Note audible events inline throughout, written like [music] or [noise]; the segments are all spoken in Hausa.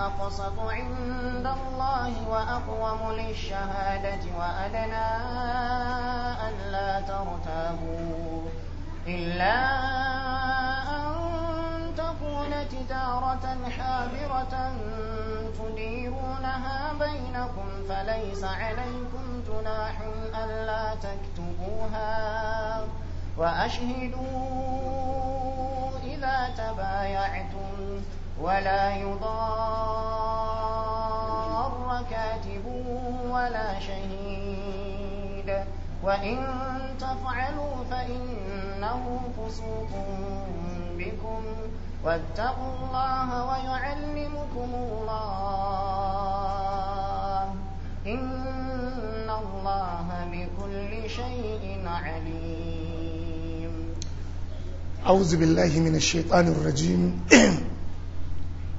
أقسط عند الله وأقوم للشهادة وأدنى ألا ترتابوا إلا أن تكون تجارة حاضرة تديرونها بينكم فليس عليكم جناح ألا تكتبوها وأشهدوا إذا تبايعتم ولا يضار كاتب ولا شهيد وإن تفعلوا فإنه فسوق بكم واتقوا الله ويعلمكم الله إن الله بكل شيء عليم أعوذ بالله من الشيطان الرجيم [clears throat]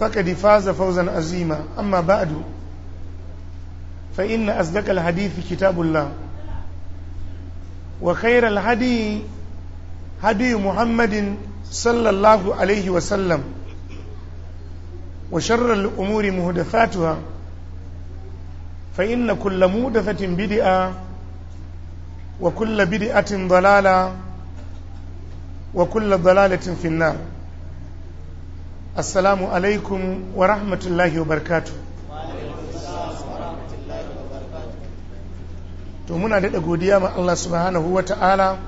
فقد فاز فوزا عظيما أما بعد فإن أصدق الحديث كتاب الله وخير الهدي هدي محمد صلى الله عليه وسلم وشر الأمور مهدفاتها فإن كل مهدفة بدئة وكل بدئة ضلالة وكل ضلالة في النار assalamu alaikum wa rahmatullahi wa barkatu to muna daɗa godiya ma Allah subhanahu wa ta'ala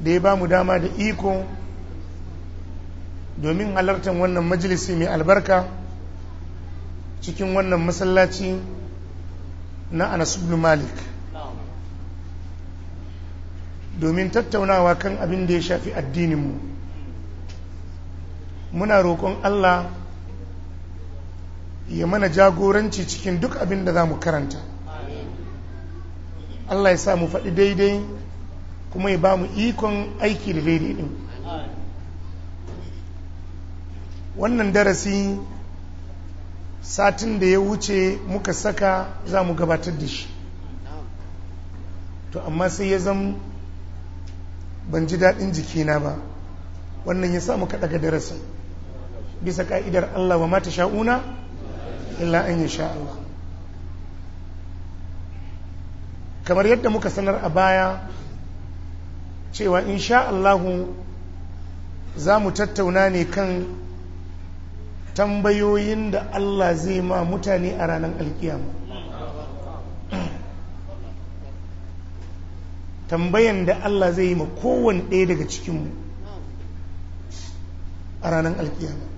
da ya ba mu dama da iko domin halartar wannan majalisi mai albarka cikin wannan masallaci na Anas ibn Malik domin tattaunawa kan abin da ya shafi addininmu mu muna roƙon Allah ya mana jagoranci cikin duk abin da za mu karanta Allah ya sa mu faɗi daidai kuma ya ba mu ikon aiki da daidai ɗin wannan darasi satin da ya wuce muka saka za mu gabatar da shi to amma sai ya zama ban ji daɗin jikina ba wannan ya sa muka ɗaga darasin bisa ka'idar Allah wa mata sha'una illa an yi sha Allah kamar yadda muka sanar a baya cewa in Allahu za mu tattauna ne kan tambayoyin da Allah zai ma mutane a ranar alkiyama tambayan da Allah zai yi ma kowane ɗaya daga cikinmu a ranar alkiyama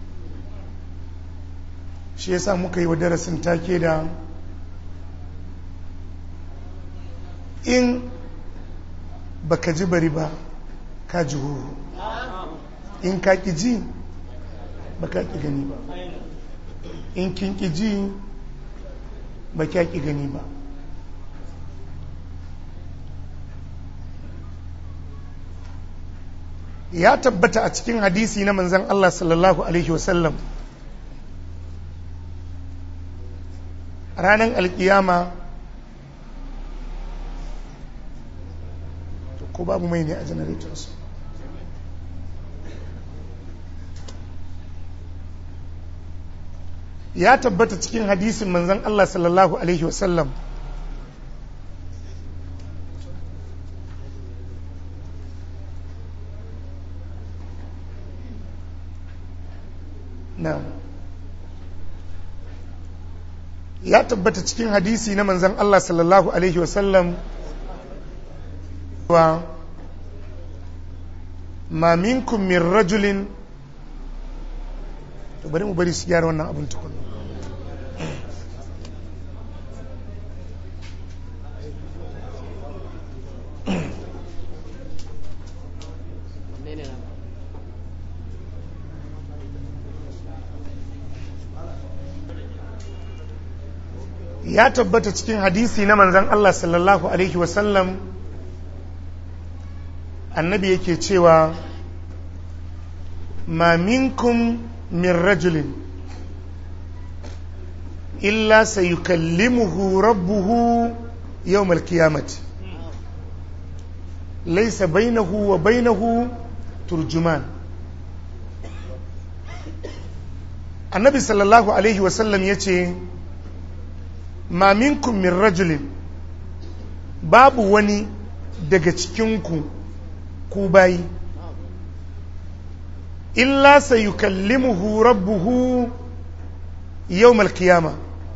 shi yasa muka yi wa darasin take da in baka ji bari ba ka ji horo in ka ki ji ba ka ki gani ba in kin ki ji ba ka ki gani ba ya tabbata a cikin hadisi na manzan Allah sallallahu alaihi wasallam ranar alkiyama ko babu mai ne a generators ya tabbata cikin hadisin manzan Allah sallallahu alaihi wasallam na no. ya tabbata cikin hadisi na manzan Allah sallallahu alaihi wasallam wa ma min rajulin to bari mu bari su gyara wannan abin tukunan ya tabbata cikin hadisi na manzan Allah sallallahu alaihi wasallam annabi yake cewa ma minkum min rajulin illa sayukallimuhu rabbuhu yawm al laisa laysa bainahu wa bainahu turjuman annabi sallallahu alaihi wasallam yace ma minkum min rajulin babu wani daga cikin ku bayi illa sayukallimuhu rabbuhu yawmal qiyama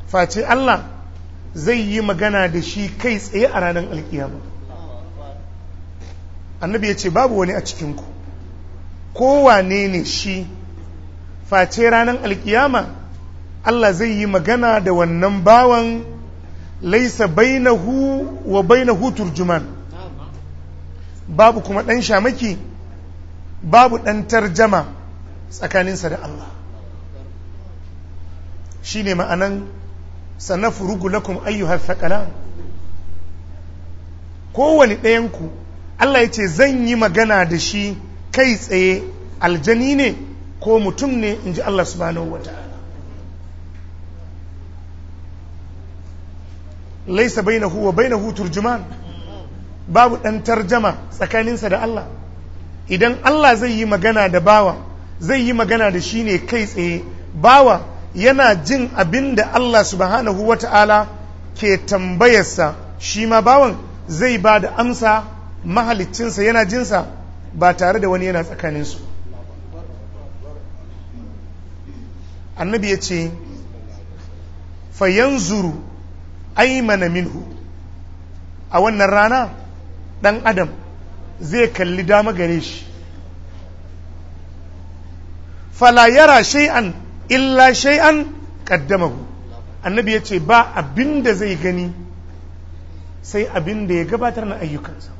face Allah zai yi magana da shi kai tsaye a ranar alkiyama annabi ya ce babu wani a cikinku kowane ne shi face ranar alkiyama Allah zai yi magana da wannan bawan laisa bainahu wa bainahu turjuman babu kuma ɗan shamaki babu ɗan tarjama tsakaninsa da Allah shi ne ma'anan sanafurugu lakum ayyuhar wani ɗayan ku, Allah ya ce zan yi magana da shi kai tsaye aljani ne ko mutum ne in ji Allah subhanahu wa ta'ala laisa bainahu wa bainahu turjuman babu dan tarjama tsakaninsa da Allah idan Allah zai yi magana da bawa zai yi magana da shi ne kai tsaye bawa yana jin abin da Allah subhanahu wa ta'ala ke tambayarsa shi ma bawan zai ba da amsa mahaliccinsa yana jinsa ba tare da wani yana tsakaninsu annabi ya ce fayanzuru aimana minhu a wannan rana ɗan adam zai kalli dama gare shi fala yara shay'an illa shay'an qaddamahu annabi ya ce ba abinda zai gani sai abin ya gabatar na ayyukansa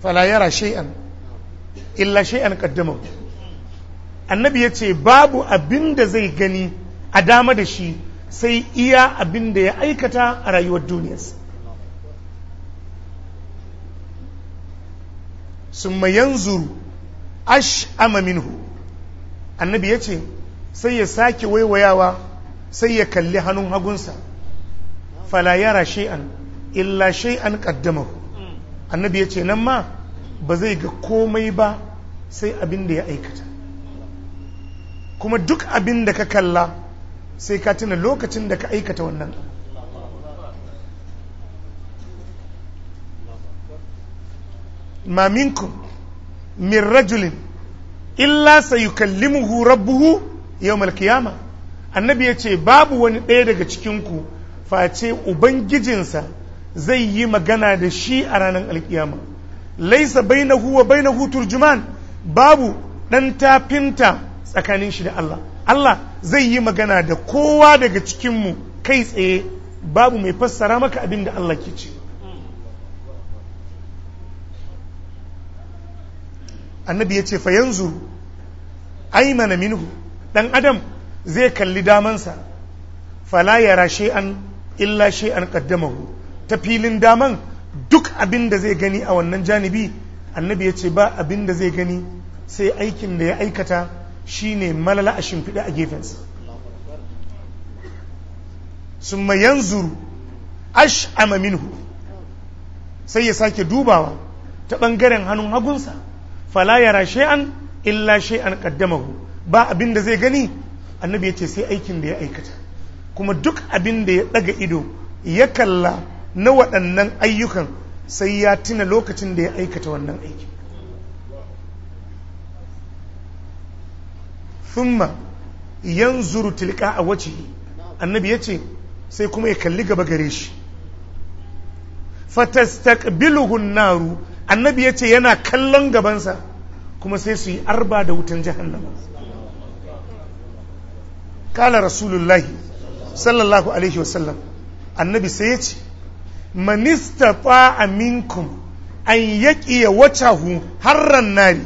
fala yara shay'an illa shay'an qaddamahu annabi ya ce babu abin da zai gani a dama da shi sai iya abin da ya aikata a rayuwar duniyarsa sun yanzu ash minhu annabi ya ce sai ya sake waiwayawa sai ya kalli hannun hagunsa fala yara shay'an illa shay'an qaddamahu annabi ya ce nan ma ba zai ga komai ba sai abin da ya aikata kuma duk abin da ka kalla sai ka tuna lokacin da ka aikata wannan Maminku min rajulin illa sayukallimuhu rabbuhu yau Malkiyama. annabi ya ce babu wani ɗaya daga cikinku face ubangijinsa zai yi magana da shi a ranar alkiyama laisa bainahu wa bainahu turjuman babu ɗan tafinta tsakanin shi da Allah Allah zai yi magana da kowa daga cikinmu kai tsaye babu mai fassara maka abin da Allah ke ce annabi ya ce fa yanzu aimana minhu dan adam zai kalli damansa fala yara an illa an qaddamahu ta filin daman duk abin da zai gani a wannan janibi annabi ya ce ba abin da zai gani sai aikin da ya aikata Shi ne malala a shimfiɗa a gefensa sun mayan zuru ash'ama minhu sai ya sake dubawa ta ɓangaren hannun hagunsa fala yara sha'an illa shay'an qaddamahu ba abin da zai gani annabi ya ce sai aikin da ya aikata kuma duk abin da ya ɗaga ido ya kalla na waɗannan ayyukan sai ya tuna lokacin da ya aikata wannan aikin thumma yanzuru tilka a wace annabi ya ce sai kuma ya kalli gaba gare shi biluhun naru annabi ya ce yana kallon gabansa kuma sai su yi arba da wutan jahannama kala rasulullahi sallallahu alaihi wasallam annabi sai ya ce manista ta'a minkum an yaƙiya wacahu harran nari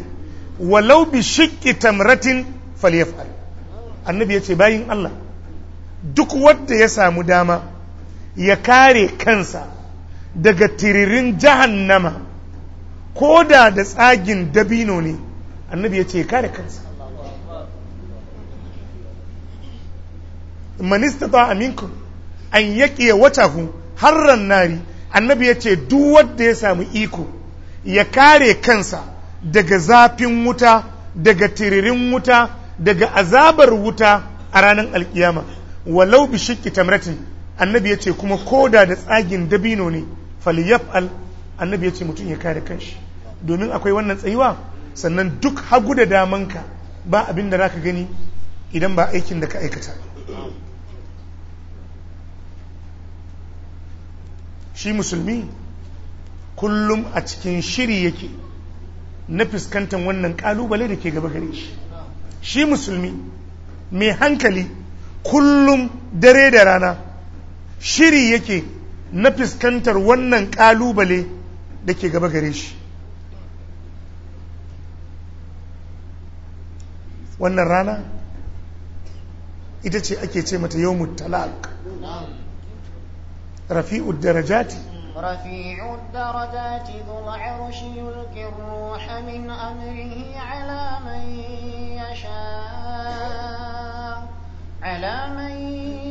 walau bi shiƙi tamratin falyafal annabi ya ce bayin Allah duk wanda ya samu dama ya kare kansa daga tiririn jahannama ko da da tsagin dabino ne annabi ya ce kare kansa manistata aminkum an yake wata watahu harran nari annabi ya ce duk wanda ya samu iko ya kare kansa daga zafin wuta daga tiririn wuta daga azabar wuta a ranar alkiyama walau bi shikki tamratin annabi yace kuma koda da tsagin dabino ne falyaf'al annabi yace mutum ya kare kanshi domin akwai wannan tsayuwa sannan duk hagu da damanka ba abin da zaka gani idan ba aikin da ka aikata shi musulmi kullum a cikin shiri yake na fuskantar wannan kalubale da ke gaba gare shi shi musulmi mai hankali kullum dare da rana shiri yake na fuskantar wannan kalubale da ke gaba gare shi wannan rana ita ce ake ce mata yau talaq darajati يشاء على من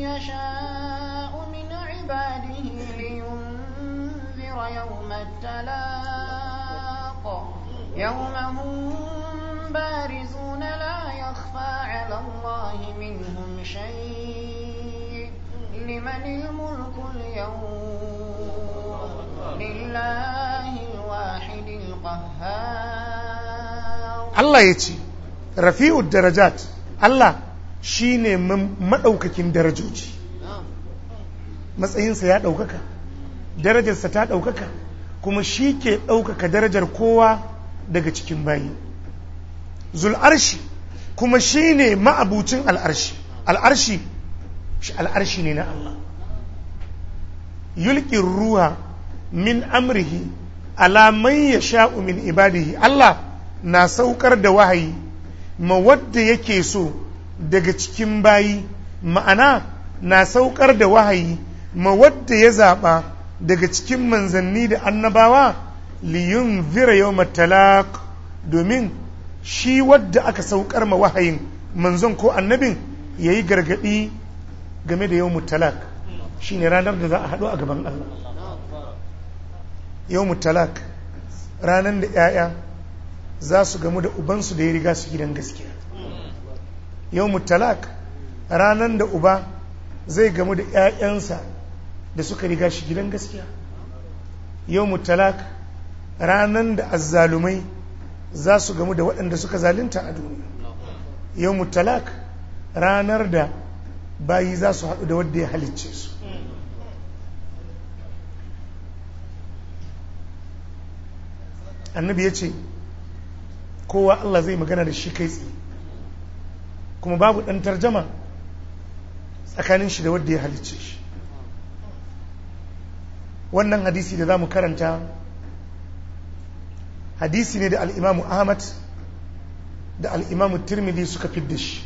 يشاء من عباده لينذر يوم التلاق يوم هم بارزون لا يخفى على الله منهم شيء لمن الملك اليوم لله الواحد القهار الله ya rafi'ud darajat Allah shine madaukakin darajoji matsayinsa ya daukaka darajarsa ta daukaka kuma shi ke daukaka darajar kowa daga cikin bayi zul'arshi kuma shine ma'abucin al'arshi al'arshi shi al'arshi ne na Allah yulqi ruha min amrihi ala man yasha'u min ibadihi Allah na saukar da wahayi ma wadda yake so daga cikin bayi ma'ana na saukar da wahayi ma wadda ya zaɓa daga cikin manzanni da annabawa liyun zira yau matalak domin shi wadda aka saukar ma wahayin manzon ko annabin ya yi gargaɗi game da yau matalak shi ne ranar da za a haɗu a gaban Allah yau matalak ranar da 'ya'ya za su gamu da ubansu da ya riga su gidan gaskiya yau mutalak ranar da uba zai gamu da 'ya'yansa da suka riga shi gidan gaskiya yau mutalak ranar da azzalumai za su gamu da waɗanda suka zalunta a duniya yau mutalak ranar da bayi za su haɗu da wadda ya halicce su annabi ya ce kowa Allah zai magana da shi kai tsaye kuma babu ɗan tarjama tsakanin shi da wadda ya halicce shi wannan hadisi da za mu karanta hadisi ne da al'imamu ahmad da al'imamu tirmidhi suka fidda shi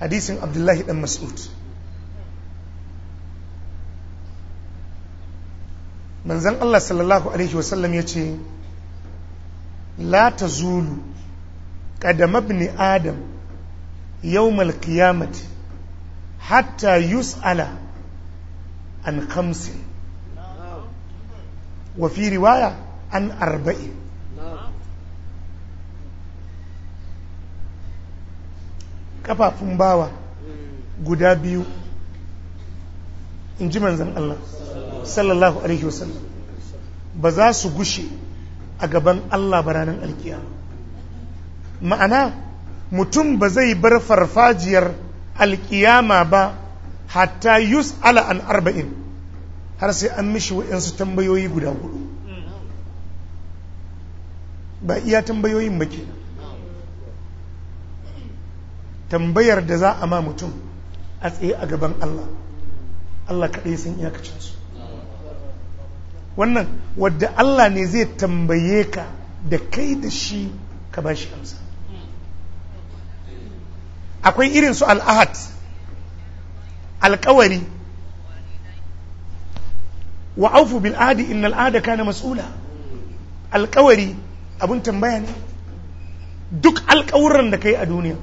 hadisin abdullahi ɗan mas'ud manzan allah sallallahu alaihi wasallam ya ce la ta zulu ƙadamabni adam yawmal qiyamati hatta yus'ala an khamsin wafi riwaya an arba'in kafafun bawa guda biyu in ji manzan Allah sallallahu alaihi wasallam ba za su gushe a gaban Allah ba ranar alkiyama ma'ana mutum ba zai bar farfajiyar alkiyama ba hatta yus ala an arba'in har sai an mishi wa'yansu tambayoyi guda hudu ba iya tambayoyin ba ke tambayar da za a ma mutum a tsaye a gaban Allah Allah kaɗai sun iyakacinsu wannan wadda Allah ne zai tambaye ka da kai da shi ka ba shi amsa akwai irin su al'ahad alkawari wa aufu bil adi innal al'ada kana mas'ula alkawari abun tambaya ne duk alkawuran da kai a duniya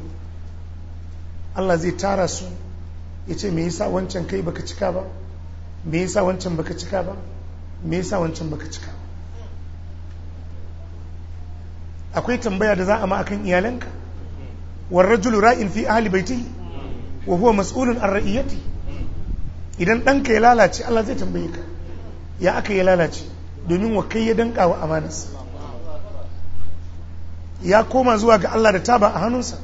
Allah zai tara su ya ce me yasa wancan kai baka cika ba me yasa wancan baka cika ba me yasa wancan baka cika akwai tambaya da za a ma akan iyalanka war rajulu ra'in fi ahli baiti wa huwa mas'ulun an ra'iyati idan ɗanka ya lalace Allah zai tambaye ka ya aka ya lalace domin wa kai ya danka wa amanas ya koma zuwa ga Allah da taba a hannunsa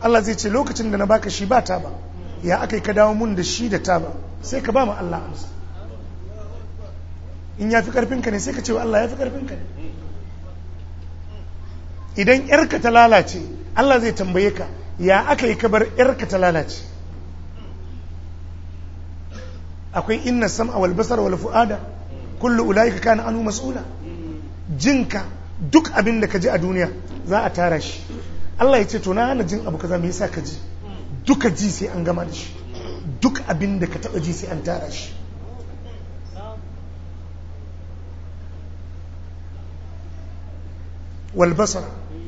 Allah zai ce lokacin da na baka shi ba taba ya aka yi ka dawo mun da shi da taba sai ka ba mu Allah amsa in ya fi karfinka ne sai ka ce wa Allah ya fi karfinka ne idan yarka ta lalace Allah zai tambaye ka ya aka yi kabar yarka ta lalace akwai inna sam'a wal basar wal fu'ada kullu ulaika kana anu mas'ula jinka duk abin da ka ji a duniya za a tara shi Allah ya ce to na hana jin abu kaza me yasa ka ji duka ji sai an gama da shi duk abin da ka taba ji sai an tara shi walbasar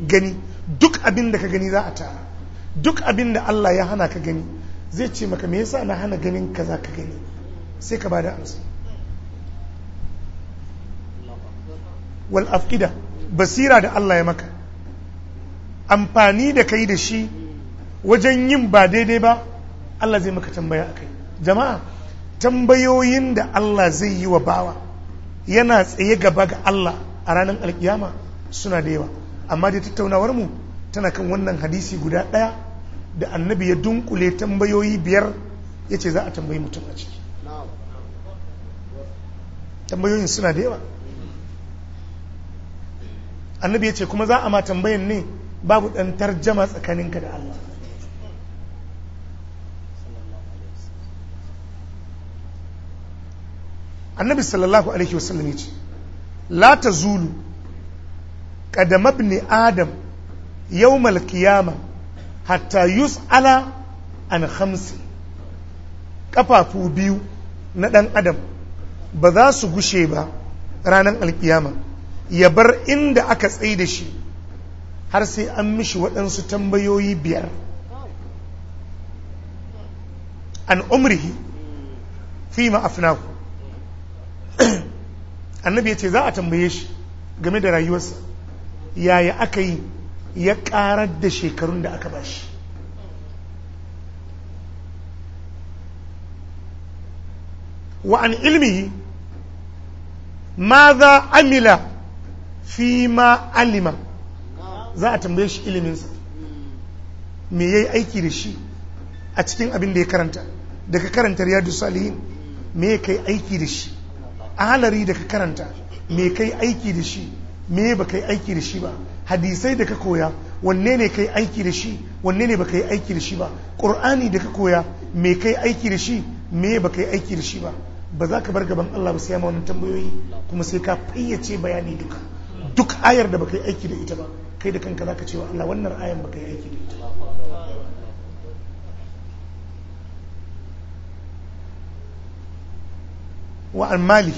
gani duk abin da ka gani za a tara duk abin da Allah ya hana ka gani zai ce maka me yasa na hana ganin ka za ka gani sai ka bada amsa wal basira da Allah ya maka amfani da kai da shi wajen yin ba daidai ba Allah zai maka tambaya akai jama'a tambayoyin da Allah zai yi wa bawa yana tsaye gaba ga Allah a ranar alkiyama suna da yawa amma dai tattaunawar mu tana kan wannan hadisi guda ɗaya da annabi ya dunkule tambayoyi biyar ya ce za a tambayi mutum a ciki tambayoyin suna da yawa annabi ya ce kuma za a ma tambayin ne babu ɗan tarjama tsakaninka da Allah annabi sallallahu alaihi wasallam ya ce la ta zulu kada mabni adam yau malkiyama hatta yus ala an hamsin ƙafafu biyu na ɗan adam ba za su gushe ba ranar alkiyama ya bar inda aka tsaye da shi har sai an mishi waɗansu tambayoyi biyar an umrihi fi ma'afinaku annabi ya ce za a tambaye shi game da rayuwarsa yaya aka yi ya karar da shekarun da aka bashi wa an ilmihi maza amila fi ma alima za a tambaye shi iliminsa me ya yi aiki da shi a cikin abin da ya karanta daga karantar yadu salihin me kai aiki da shi a halari daga karanta me kai aiki da shi me ba kai aiki da shi ba hadisai da ka koya wanne ne kai aiki da shi wanne ne ba kai aiki da shi ba qur'ani da ka koya me kai aiki da shi me ba kai aiki da shi ba ba za ka bar gaban Allah ba sai ma wannan tambayoyi kuma sai ka fayyace bayani duka duk ayar da ba kai aiki da ita ba kai da kanka za ka ce wa Allah wannan ayar ba kai aiki da ita wa al mali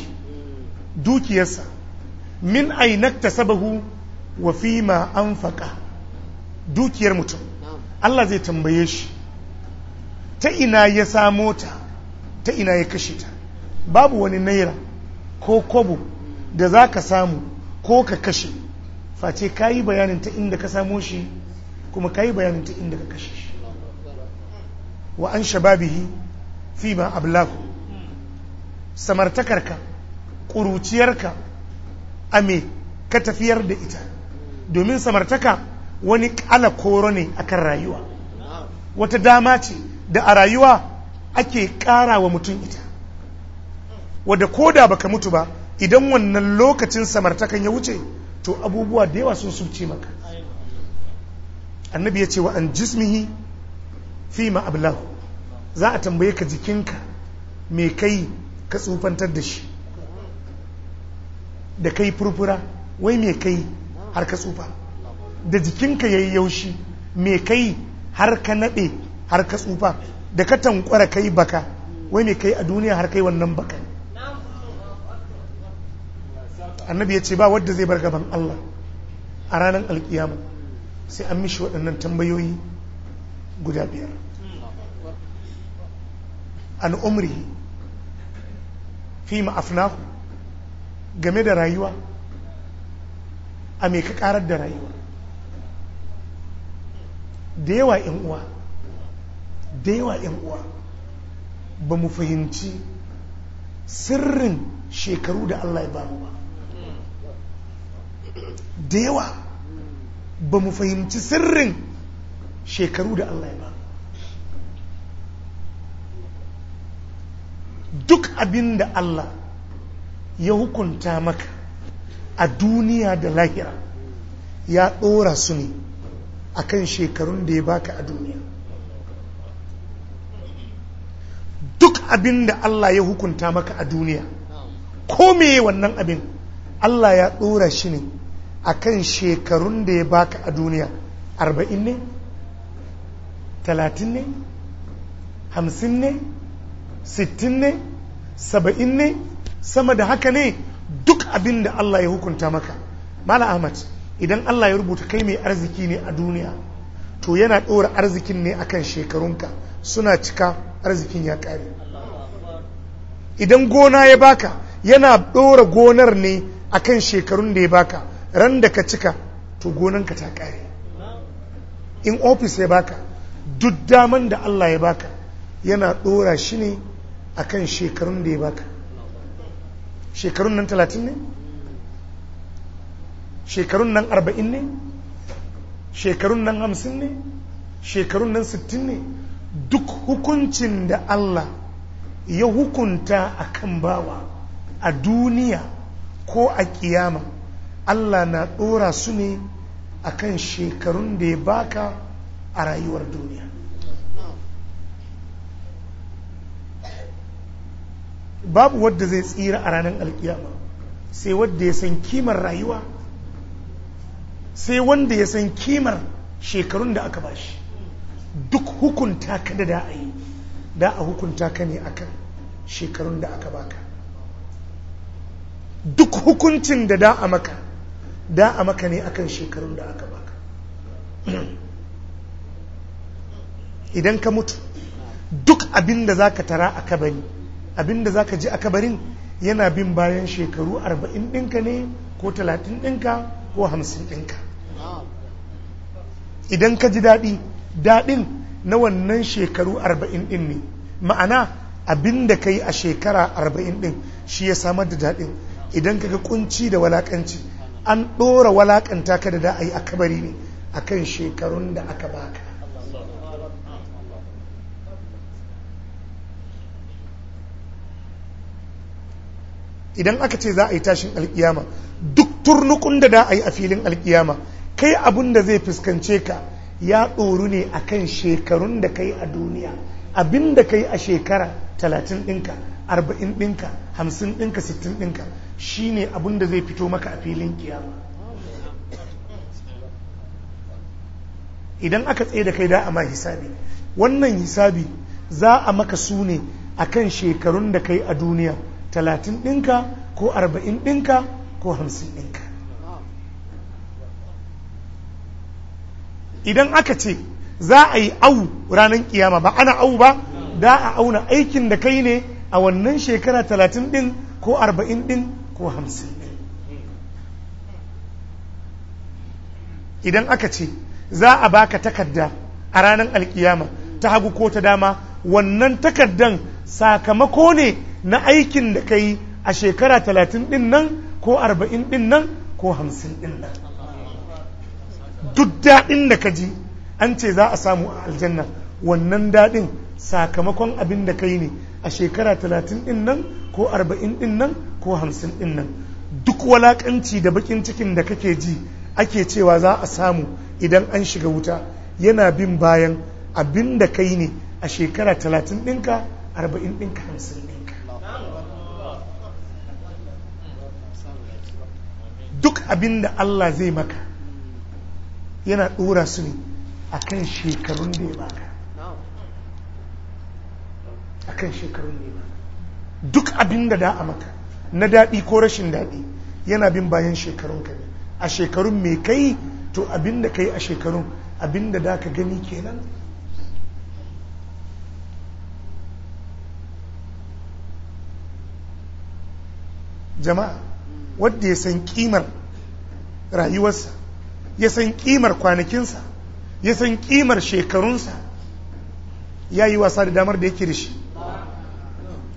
dukiyarsa min ta sabahu wa fi ma anfaqa dukiyar mutum Allah zai tambaye shi ta ina ya samo ta ta ina ya kashe ta babu wani naira ko kobo da za ka samu ko ka kashe face ka yi bayanin ta inda ka samo shi kuma ka yi bayanin ta inda ka kashe shi wa an shababihi fi ma ka samartakarka ƙuruciyarka a me ka tafiyar da ita domin samartaka wani kala koro ne akan rayuwa wata dama ce da a rayuwa ake ƙara wa mutum ita wadda ko da baka mutu ba idan wannan lokacin samartakan ya wuce to abubuwa da yawa sun subce maka annabi ya ce wa an jismihi fi ma'ablahu za a tambaye ka jikinka mai kai ka tsufantar da shi da kai furfura wai mai kai har ka tsufa da jikinka ya yi yaushi mai kai har ka naɗe har ka tsufa da ka tankwara kai baka wai mai kai a duniya har kai wannan baka annabi ya ce ba wadda zai bar gaban Allah a ranar alkiyama sai an mishi waɗannan tambayoyi guda biyar an umri fi ma'afnahu game da rayuwa a mai ka karar da rayuwa da yawa yan uwa da yawa yan uwa ba mu fahimci sirrin shekaru da Allah ya ba mu ba da yawa ba mu fahimci sirrin shekaru da Allah ya ba duk abin da Allah ya hukunta maka a duniya da lahira ya ɗora su ne a kan shekarun da ya baka a duniya duk abin da Allah ya hukunta maka a duniya ko meye wannan abin Allah ya ɗora shi ne a kan shekarun da ya baka a duniya arba'in ne talatin ne hamsin ne sittin ne saba'in ne sama da haka ne duk abin da Allah ya hukunta maka mala ahmad idan Allah ya rubuta kai mai arziki ne a duniya to yana ɗora arzikin ne akan shekarunka suna cika arzikin ya ƙare idan gona ya baka yana ɗora gonar ne akan shekarun da ya baka ran da ka cika to gonanka ta ƙare in ofis ya baka duk daman da Allah ya baka yana ɗora shi ne akan shekarun da ya baka shekarun nan talatin ne shekarun nan arba'in ne shekarun nan hamsin ne shekarun nan sittin ne duk hukuncin da Allah ya hukunta a kan bawa a duniya ko a kiyama Allah na ɗora su ne a kan shekarun da ya baka a rayuwar duniya babu wadda zai tsira a ranar alkiyama sai wadda ya san kimar rayuwa sai wanda ya san kimar shekarun da aka bashi duk hukunta ka da da a yi da a hukunta ka ne akan shekarun da aka baka duk hukuncin da da a maka da a maka ne akan shekarun da aka baka idan ka mutu duk abin da za ka tara a kabari abinda za ka ji a kabarin yana bin bayan shekaru arba'in ɗinka ne ko talatin ɗinka ko hamsin ɗinka idan ka ji daɗi daɗin na wannan shekaru arba'in ɗin ne ma'ana abinda ka yi a shekara arba'in ɗin shi ya samar da daɗin idan ka ga kunci da walakanci an ɗora walakanta ka da da'ayi a yi a kabari ne akan shekarun da aka baka idan aka ce za a yi tashin alkiyama duk turnukun da da a yi a filin alkiyama kai abun da zai fuskance ka ya tsoru ne akan shekarun da kai a duniya abin da kai a shekara talatin ɗinka arba'in ɗinka hamsin ɗinka sittin ɗinka shine abin da zai fito maka a filin kiyama idan aka tsaye da kai da a ma hisabi wannan hisabi za a maka su ne akan shekarun da kai a duniya talatin ɗinka ko arba'in ɗinka ko hamsin ɗinka idan aka ce za a yi au ranar kiyama ba ana au ba da a auna aikin da kai ne a wannan shekara talatin ɗin ko arba'in ɗin ko hamsin ɗin idan aka ce za a baka takarda a ranar alkiyama ta hagu ko ta dama wannan takardan sakamako ne na aikin da kai a shekara talatin din nan ko arba'in din nan ko hamsin din nan duk daɗin da ka ji an ce za a samu a aljanna wannan daɗin sakamakon abin da kai ne a shekara talatin din nan ko arba'in din nan ko hamsin din nan duk walaƙanci da bakin cikin da kake ji ake cewa za a samu idan an shiga wuta yana bin bayan abin da kai ne a shekara talatin ɗinka arba'in ɗinka hamsin ɗinka abin da Allah zai maka yana ɗora su ne a kan shekarun da ya baka a kan shekarun da ya baka duk abin da da'a maka na daɗi ko rashin daɗi yana bin bayan shekarun ka ne a shekarun mai kai to abin da kai a shekarun abin da da ka gani kenan jama'a wadda ya san kimar rayuwarsa ya san kimar kwanakinsa ya san kimar shekarunsa ya yi wasa da damar da yake da shi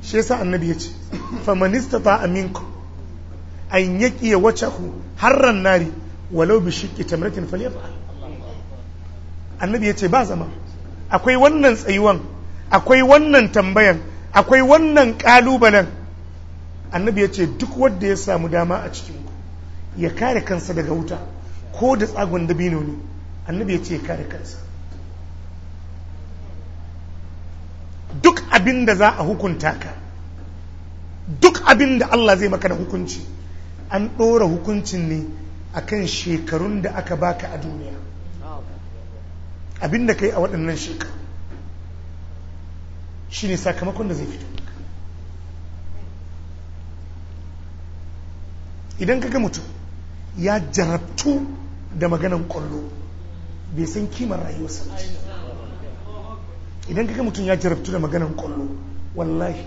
shi yasa annabi ya ce famanista ta aminku an yaƙi ya wace ku harran nari walau bi shiƙi tamratin falyafa annabi ya ce ba zama akwai wannan tsayuwan akwai wannan tambayan akwai wannan ƙalubalen annabi ya ce duk wanda ya samu dama a cikin ya kare kansa daga wuta ko da tsagon dabino ne annabi ya ce ya kare kansa duk abin da za a hukunta ka duk abin da Allah zai maka da hukunci an ɗora hukuncin ne a kan shekarun da aka baka a duniya abin da ka yi a waɗannan shekaru shi ne sakamakon da zai fito idan ka ga mutum ya jarabtu da maganan kwallo bai san kimar rayuwarsa ba idan kaga mutum ya jarabtu da maganan kwallo wallahi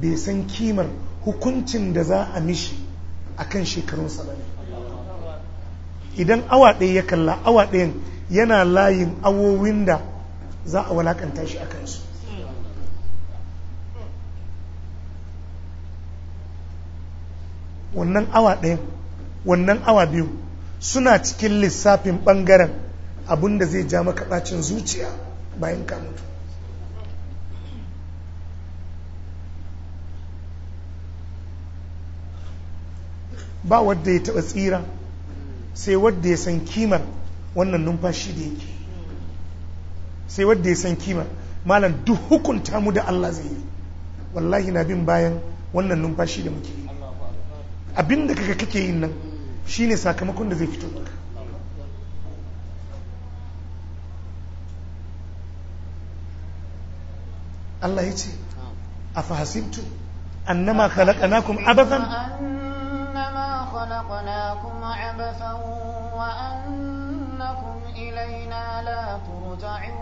bai san kimar hukuncin da za a mishi akan shekarunsa ba idan awa ɗaya ya kalla awa ɗayan yana layin awowin da za a walakanta shi a kansu wannan awa ɗayan wannan awa biyu suna cikin lissafin bangaren abin da zai ja maka bacin zuciya bayan ka ba wadda ya taɓa tsira sai wadda ya san kimar wannan numfashi da yake sai wadda ya san kimar malam duk hukunta mu da Allah zai yi wallahi na bin bayan wannan numfashi da muke yi abinda kaga kake yin nan Shi ne sakamakon da zai fito Allah ya ce a fahasibtu annama khalaqnakum abathan annama khalaqnakum abathan wa annakum ilayna la turja'un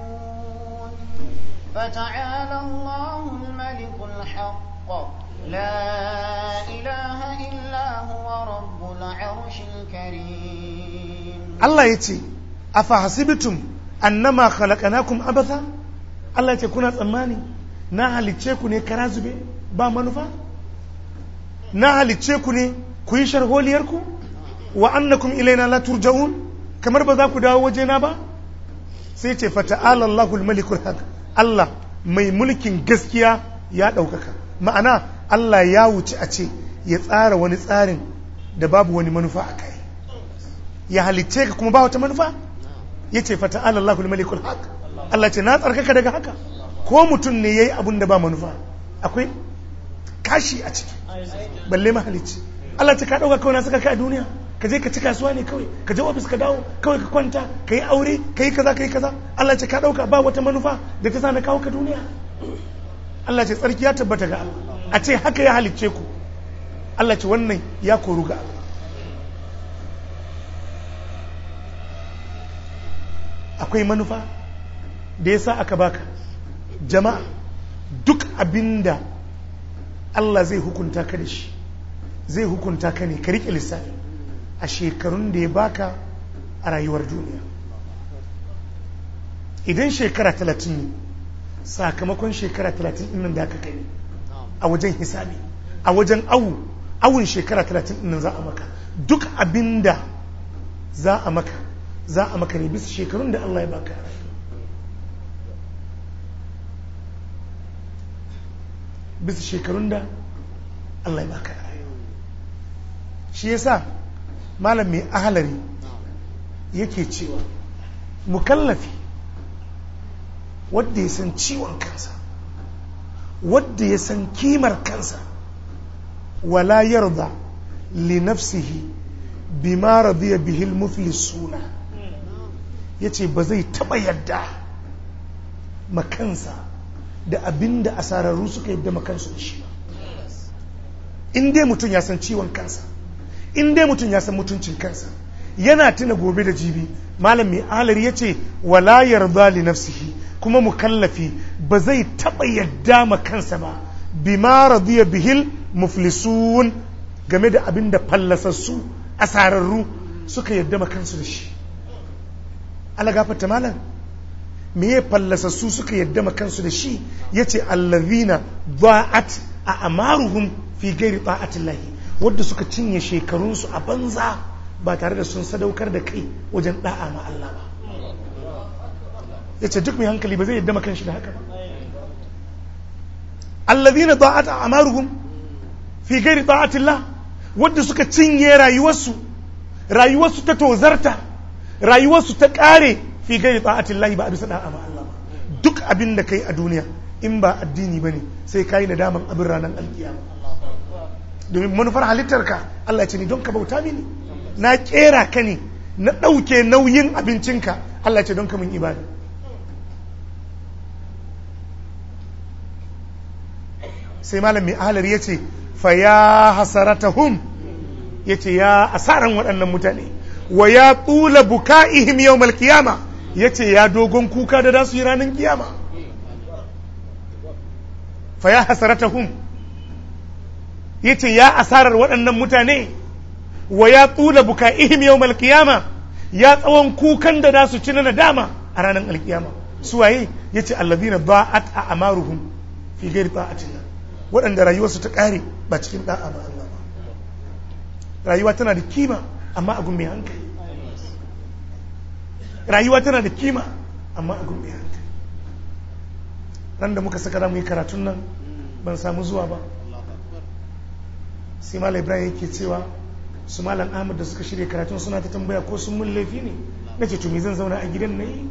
fata'ala Allahu al-malik al-haqq لا إله إلا هو رب العرش الكريم الله يتي أفحسبتم أنما خلقناكم أبثا الله يتي كنا تأماني na halice ku ne kara zube ba manufa na halicce ku ne ku yi sharholiyarku wa annakum ilaina la turja'un kamar baza ku dawo waje na ba sai ce fata'ala Allahul malikul haq Allah mai mulkin gaskiya ya ɗaukaka ma'ana Allah ya wuce a ce ya tsara wani tsarin da babu wani manufa a kai ya halicce ka kuma ba wata manufa ya ce fata Allah malikul haq Allah ce na tsarkaka daga haka ko mutum ne yayi abun da ba manufa akwai kashi a ciki balle ma halitce Allah ce ka dauka kawai na saka ka a duniya ka je ka ci kasuwa ne kawai ka je ofis ka dawo kawai ka kwanta ka yi aure ka yi kaza ka yi kaza Allah ce ka dauka ba wata manufa da ta sa na kawo ka duniya Allah ce tsarki ya tabbata ga Allah a ce haka ya halicce ku Allah ce wannan ya koru ga akwai manufa da ya sa aka baka jama'a duk abinda Allah zai hukunta ka da shi zai hukunta ka ne ka riƙe lissafi a shekarun da ya baka a rayuwar duniya idan shekara talatin ne sakamakon shekara talatin innan da aka kai a wajen hisabi a wajen awu awun shekara 30 nan za a maka duk abinda za a maka za a maka ne bisa shekarun da Allah ya baka bisa shekarun da Allah ya baka shi yasa malam mai ahalari yake cewa mukallafi wadda ya san ciwon kansa wadda ya san kimar kansa wala yarda li nafsihi bima radiya bihil muflisuna yace ba zai taba yadda makansa da abinda asararru suka yadda makansu da shi in dai mutum ya san ciwon kansa in dai mutum ya san mutuncin kansa yana tuna gobe da jibi malam mai alari yace wala yarda li nafsihi kuma mukallafi ba zai taɓa yadda ma kansa ba bima radiya bihil muflisun game da abin da fallasassu asararru suka yadda ma kansu da shi Alagafata malam me ya fallasassu suka yadda ma kansu da shi ya ce allazina ba'at a amaruhun fi gairi ta'atillahi wadda suka cinye shekarunsu a banza ba tare da sun sadaukar da kai wajen da'a ma Allah ba ya ce duk mai hankali ba zai yadda ma kanshi da haka ba alladhina da'at amaruhum fi ghairi ta'atillah wanda suka cinye rayuwarsu rayuwarsu ta tozarta rayuwarsu ta kare fi ghairi ta'atillah ba bisa da'a ma Allah duk abin da kai a duniya in ba addini bane sai kai nadaman abin ranar alkiyama domin manufar halittarka Allah ce ni don ka bauta mini na kera ka ne na ɗauke nauyin abincinka Allah ce don ka mun ibada sai malam mai ahalar ya ce fa ya hasaratahum ya ce ya asaran waɗannan mutane wa ya tula ihim yau malkiyama ya ce ya dogon kuka da dasu yi ranar kiyama fa ya hasaratahum ya ce ya asarar waɗannan mutane wa ya tula ihim yau malkiyama ya tsawon kukan da dasu ci na nadama a ranar alkiyama suwaye ya ce allazina ba'at a amaruhum fi gairi ta'atillah waɗanda rayuwarsu ta ƙare ba cikin ɗa'a ba Allah ba rayuwa tana da kima amma a gumbe hankali rayuwa tana da kima amma a gumbe hankali ran da muka saka za mu yi karatun nan ban samu zuwa ba sai malam ibrahim yake cewa su malam ahmad da suka shirya karatun suna ta tambaya ko sun mun laifi ne na ce to me zan zauna a gidan na yi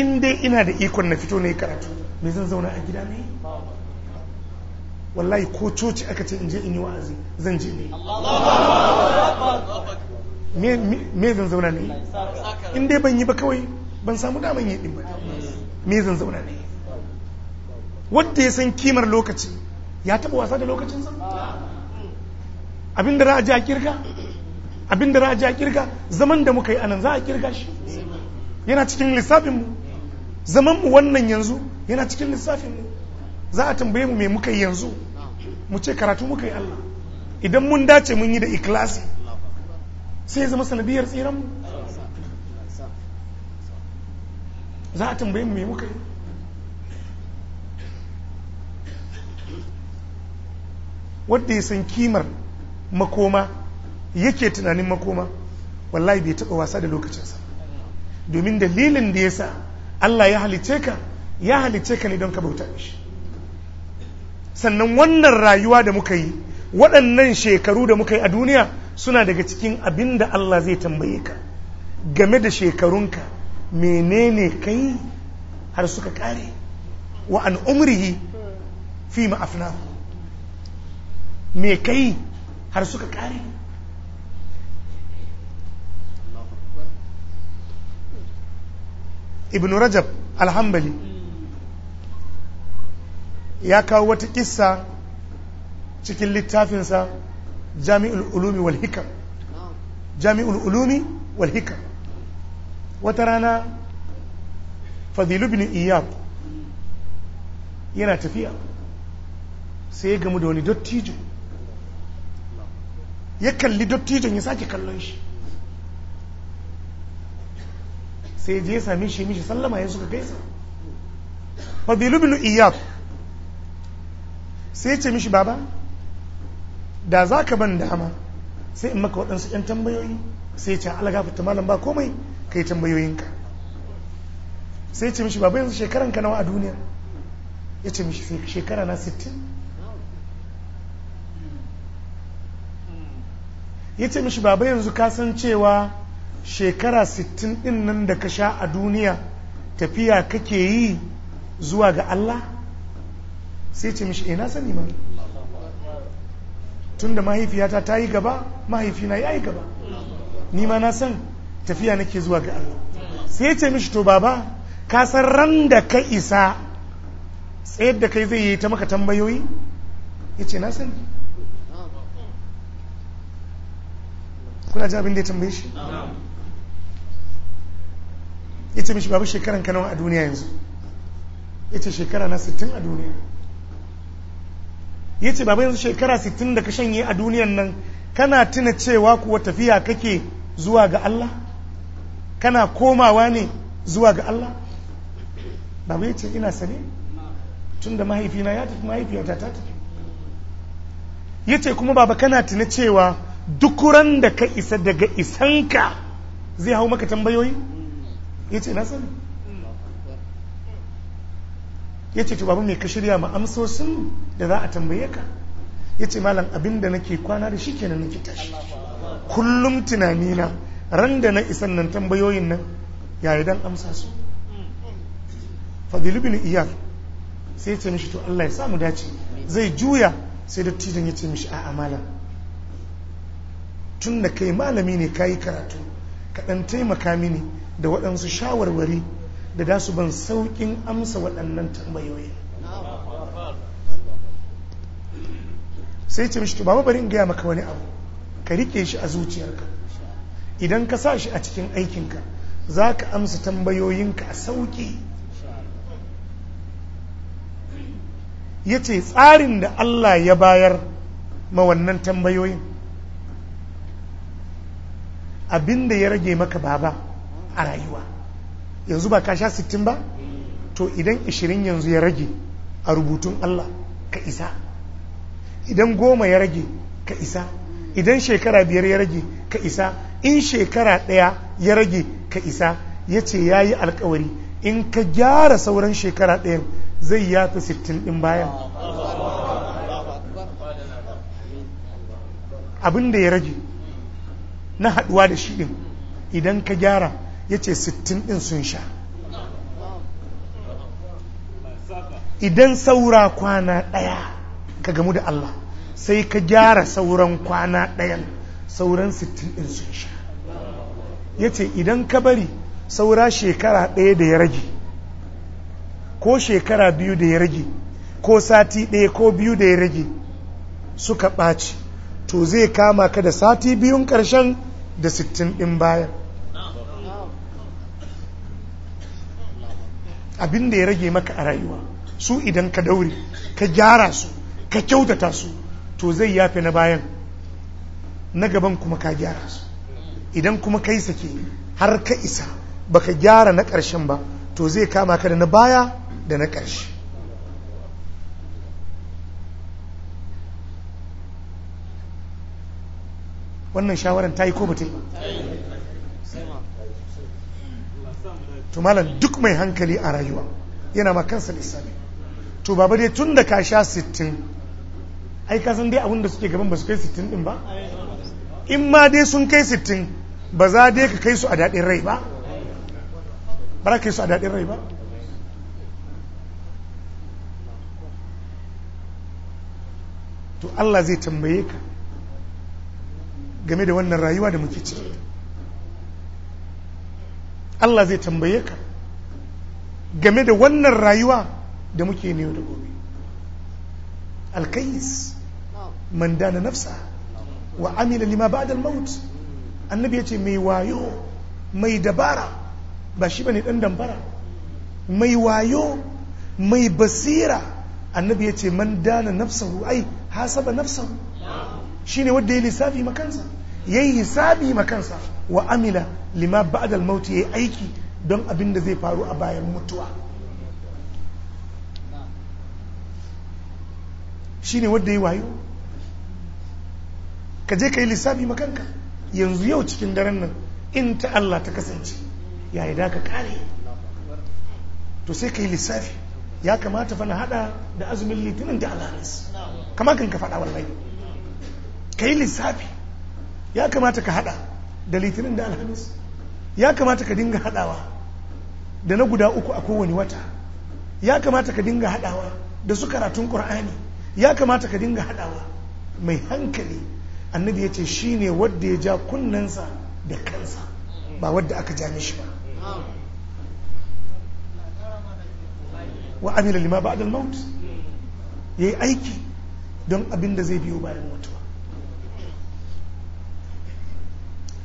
in dai ina da ikon na fito na yi karatu me zan zauna a gida na yi wallahi ko coci aka ce in je in yi wa'azi zan je ne me zan zauna ne in dai ban yi ba kawai ban samu daman yi din ba me zan zauna ne wanda ya san kimar lokaci ya taba wasa da lokacinsa abinda za a ji a kirga abinda za a ji a kirga zaman da muka yi anan za a kirga shi yana cikin lissafinmu zaman mu wannan yanzu yana cikin lissafinmu za a tambaye mu me muka yi yanzu mu ce karatu muka yi Allah idan mun dace mun yi da ikilasi sai ya zama sanadiyar tsiranmu za a tambaye mu me muka yi wadda ya san kimar makoma yake tunanin makoma wallahi bai taba wasa da lokacinsa domin dalilin da ya sa Allah ya halice ka ya halice ka ne don ka bauta shi sannan wannan rayuwa da muka yi waɗannan shekaru da muka yi a duniya suna daga cikin abin da Allah zai tambaye ka game da shekarunka menene kai har suka kare wa an umrihi fi ma'afna me kai har suka kare ibn rajab alhambali ya kawo wata kissa cikin littafinsa jami'ul ulumi wal hikam jami'ul ulumi wal hikam wata rana fadilu bin iyab yana tafiya sai ya gamu da wani dottijo ya kalli dottijon ya sake kallon shi sai je ya sami shi mishi sallama ya suka gaisa fadilu bin iyab sai ce mishi baba da za ka ban dama sai in maka waɗansu 'yan tambayoyi sai ce alaga fita malam ba komai ka yi tambayoyinka sai ce mishi baba yanzu shekaran ka nawa a duniya ya ce mishi shekara na 60 ya ce mishi baba yanzu ka san cewa shekara 60 ɗin nan da ka sha a duniya tafiya kake yi zuwa ga Allah sai ce mishi ina eh, sani ma da mahaifiyata ta yi gaba mahaifina ya yi gaba ni ma na san tafiya nake zuwa ga Allah sai ce mishi to baba ka san ran da ka isa tsayar da kai zai yi ta maka tambayoyi ya ce na sani kuna ji abin da ya tambaye shi ya ce mishi babu shekaran kanawa a duniya yanzu ya ce shekara na 60 a duniya ya ce baba yanzu shekara 60 da ka shanye a duniyan nan kana tuna cewa kuwa tafiya kake zuwa ga Allah kana komawa ne zuwa ga Allah baba ya ce ina sane tun da mahaifina ya tafi mahaifiyata ta tafi ya ce kuma baba kana tuna cewa duk ran da ka isa daga isanka zai hau maka tambayoyi ya ce na sani ya ce babu mai ka shirya ma amsosin da za a tambaye ka ya ce malam abin da nake kwana da shi kenan nake tashi kullum tunanina ran da na isan nan tambayoyin nan yayi dan amsa su fadilu bin iyar sai ya ce mishi to Allah ya samu dace zai juya sai dattijan ya ce mishi a malam tun da kai malami ne ka yi karatu ka taimaka mini da waɗansu shawarwari da za su ban sauƙin amsa waɗannan tambayoyi sai ce mishi to bari gaya maka wani abu ka rike shi a zuciyarka idan ka sa shi a cikin aikinka za ka amsa tambayoyinka a sauƙi ya ce tsarin da Allah ya bayar ma wannan tambayoyin abinda ya rage maka baba a rayuwa yanzu ba ka sha sittin ba to idan ishirin yanzu ya rage a rubutun Allah ka isa idan goma ya rage ka isa idan shekara biyar ya rage ka isa in shekara ɗaya ya rage ka isa ya ce ya yi alkawari in ka gyara sauran shekara ɗayan zai ya fi sittin ɗin bayan abin da ya rage na haɗuwa da shi ɗin idan ka gyara ya ce sittin ɗin sun sha idan saura kwana ɗaya ka gamu da Allah sai ka gyara sauran kwana ɗayan sauran sittin ɗin sun sha ya ce idan ka bari saura shekara ɗaya da ya rage ko shekara biyu da ya rage ko sati ɗaya ko biyu da ya rage suka ɓaci to zai kama ka da sati biyun ƙarshen da sittin ɗin bayan abin da ya rage maka a rayuwa su idan ka daure ka gyara su ka kyautata su to zai yafe na bayan na gaban kuma ka gyara su idan kuma kai sake har ka isa baka gyara na ƙarshen ba to zai kama ka da na baya da na ƙarshe wannan shawaran ta yi ko ba ta yi to malam duk mai hankali a rayuwa yana ma kansa lissafi to baba dai tun da ka sha sittin ai ka san dai abin da suke gaban ba su kai sittin din ba in ma dai sun kai sittin ba za dai ka kai su a daɗin rai ba ba za ka kai su a daɗin rai ba to Allah zai tambaye ka game da wannan rayuwa da muke ciki Allah zai tambaye ka game da wannan rayuwa da muke ne da gobe alkais man dana nafsa wa Amina lima ba'da al-maut annabi yace mai wayo mai dabara ba shi ne ɗan dambara mai wayo mai basira annabi yace man dana nafsahu ai hasaba nafsahu shine wanda ya lissafi makansa yayi hisabi makansa wa amila lima ba'dal mauti yayi aiki don abin da zai faru a bayan mutuwa shine wanda yayi wayo ka je kai lissafi makanka yanzu yau cikin daren nan in ta Allah ta kasance yayi da ka kare to sai kai lissafi ya kamata fa na hada da azumin litinin da alhamis kama kan ka faɗa wallahi kai lissafi ya kamata ka hada da litinin da alhamis ya kamata ka dinga haɗawa da na guda uku a kowane wata ya kamata ka dinga haɗawa da su karatun ƙur'ani ya kamata ka dinga haɗawa mai hankali annabi ya ce shi ne wadda ya ja kunnansa da kansa ba wadda aka ja mishi ba wa amila lima ba'da al-maut yayi aiki don abin da zai biyo bayan mutuwa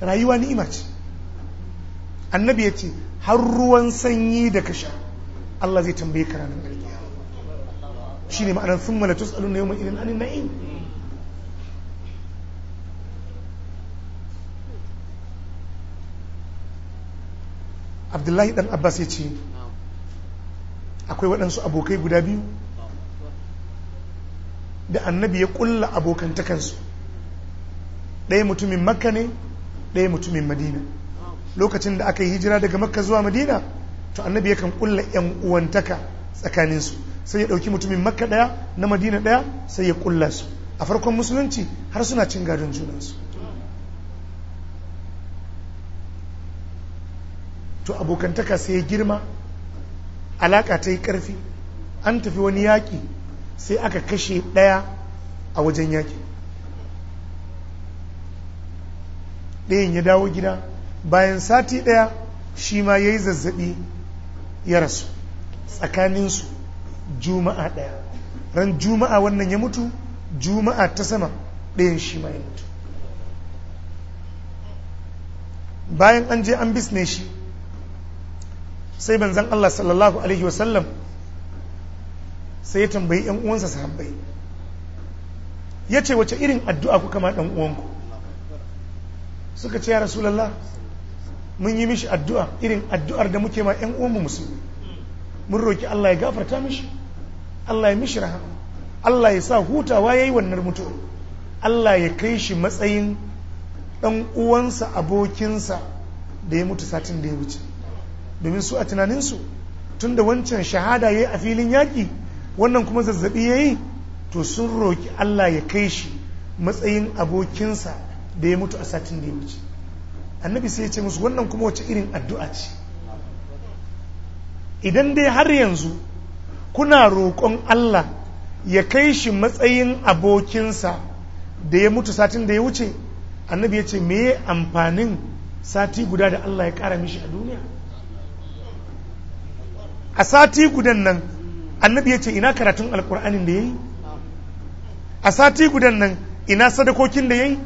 rayuwa ni'ima ce annabi ya ce har ruwan sanyi da kasha Allah zai tambaye ka ranar alƙiya shi ne ma'anar sun mala tus'alu na yawon ilin anin na'in abdullahi dan abbas ya ce akwai waɗansu abokai guda biyu da annabi ya ƙulla abokantakansu ɗaya mutumin makka ne ɗaya mutumin madina lokacin da aka yi hijira daga makka zuwa madina to annabi yakan kulla yan uwantaka tsakaninsu sai ya ɗauki mutumin makka ɗaya na madina ɗaya sai ya kulla su a farkon musulunci har suna cin gadon junansu to abokantaka sai ya girma alaƙa ta yi ƙarfi an tafi wani yaƙi sai aka kashe ɗaya a wajen yaƙi ɗayan ya dawo gida bayan sati ɗaya shi ma ya yi zazzaɓi ya rasu tsakaninsu juma'a ɗaya ran juma'a wannan ya mutu juma'a ta sama ɗayan shi ma ya mutu bayan an je an bisne shi sai banzan Allah sallallahu alaihi wasallam sai ya tambayi 'yanuwansa uwansa sahabbai ya ce wace irin addu'a kuka ma ɗan uwanku suka ce ya rasulallah mun yi mishi addu'a irin addu'ar da muke ma ‘yan uwanmu musulmi mun roki Allah ya gafarta mishi Allah ya mishi raha Allah ya sa hutawa ya yi wannan mutu Allah ya kai shi matsayin ɗan uwansa abokinsa da ya mutu satin da ya wuce domin su a tunaninsu tun da wancan shahada ya yi a filin yaƙi wannan kuma zazzaɓi ya yi to sun roki Allah ya kai shi matsayin abokinsa da ya mutu a satin da ya wuce annabi sai ya ce musu wannan kuma wace irin addu'a ce idan dai har yanzu kuna roƙon Allah ya kai shi matsayin abokinsa da ya mutu satin da ya wuce annabi ya ce me amfanin sati guda da Allah ya ƙara mishi a duniya a sati gudan nan annabi ya ce ina karatun alkur'anin da ya yi a sati gudan nan ina sadakokin da ya yi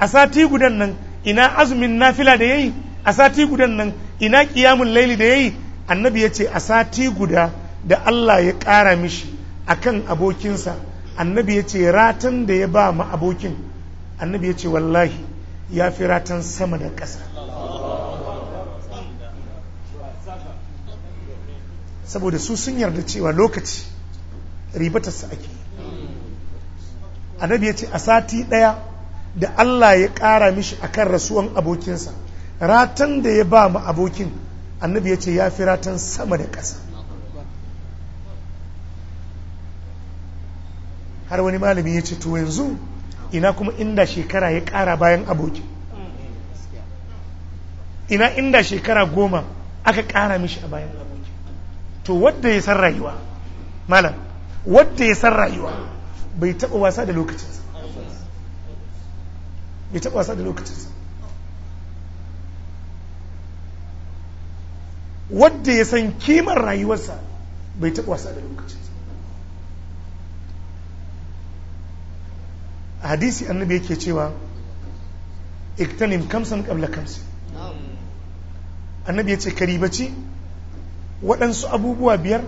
a sati gudan nan ina azumin nafila da yayi a sati gudan nan ina kiyamun laili da yayi annabi ya ce a sati guda da Allah ya ƙara mishi akan abokinsa annabi ya ce ratan da ya ba ma abokin annabi ya ce wallahi ya fi ratan sama da ƙasa saboda su sun yarda cewa lokaci ribatarsa ake annabi ya ce a sati ɗaya da Allah ya ƙara mishi a kan rasuwan abokinsa ratan da ya ba mu abokin annabi ya ce ya fi ratan sama da ƙasa har wani malami ya ce to yanzu ina kuma inda shekara ya ƙara bayan abokin ina inda shekara goma aka ƙara mishi a bayan abokin to wadda ya san rayuwa malam wadda ya san rayuwa bai taɓa wasa da lokacinsa bai taɓa wasa da lokacinsa wadda ya san kimar rayuwarsa bai taɓa wasa da lokacinsa a hadisi annabi yake cewa iktanim kamsan kabla kamsin annabi ya ce karibaci waɗansu abubuwa biyar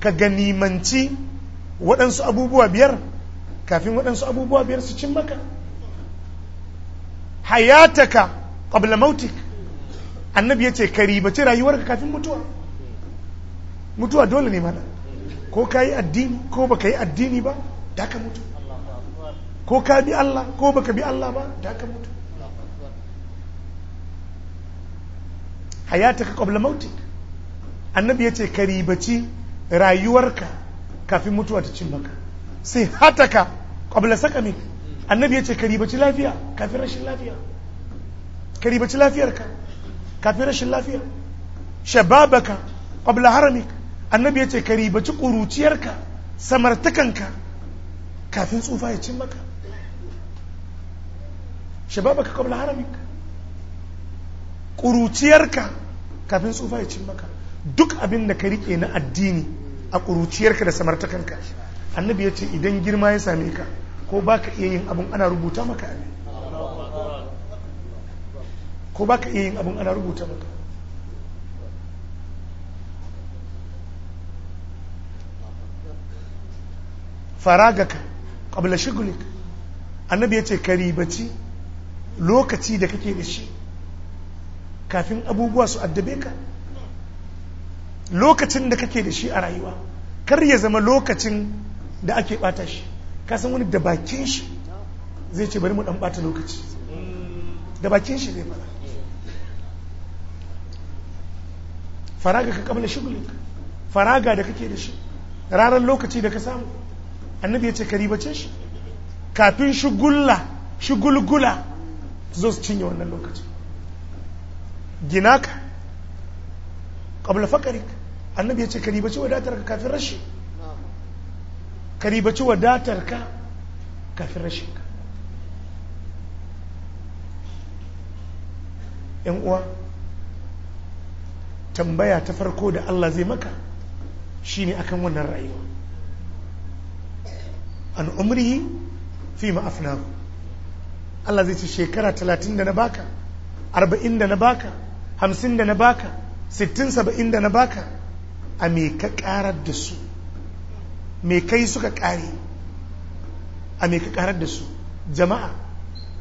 ka ganimanci waɗansu abubuwa biyar kafin waɗansu abubuwa biyar su cin maka hayataka qabla mautik annabi ya ce ka rayuwarka kafin mutuwa mutuwa dole ne mana ko kai addini ko baka yi addini ba da ka mutu ko ka bi Allah ko baka bi Allah ba da ka mutu hayataka qabla mautik annabi ya ce ka rayuwarka kafin mutuwa ta cin maka sai hataka qabla sakamik annabi ya ce ka ribaci lafiya kafin rashin lafiya ka ribaci lafiyarka kafin rashin lafiya shababaka qabla haramik annabi ya ce ka ribaci ƙuruciyarka samartakanka kafin tsufa ya cin maka shababaka qabla haramik ƙuruciyarka kafin tsufa ya cin maka duk abin da ka riƙe na addini a ƙuruciyarka da samartakanka annabi ya ce idan girma ya same ka ko ba ka iya yin abin ana rubuta maka ne ko ba ka iya yin abin ana rubuta maka faragaka ƙabla shigulik annabi ce ka ribaci lokaci da kake da shi kafin abubuwa su addabe ka lokacin da kake da shi a rayuwa kar ya zama lokacin da ake bata shi ka san wani da bakin shi zai ce bari mu dan bata lokaci da bakin shi zai fara faraga ka kamala shugulik faraga da kake da shi ranar lokaci da ka samu annabi ya ce ka ribace shi kafin shugulla shugulgula zo su cinye wannan lokaci ginaka qabla faqrik annabi ya ce ka ribace wadatar ka kafin rashi ka ribaci datar ka kafin rashin ka yan uwa tambaya ta farko da Allah zai maka shi ne akan wannan rayuwa an umri fi ma Allah zai ce shekara talatin da na baka arba'in da na baka hamsin da na baka sittin saba'in da na baka a me ka karar da su me kai suka kare a me ka karar da su jama'a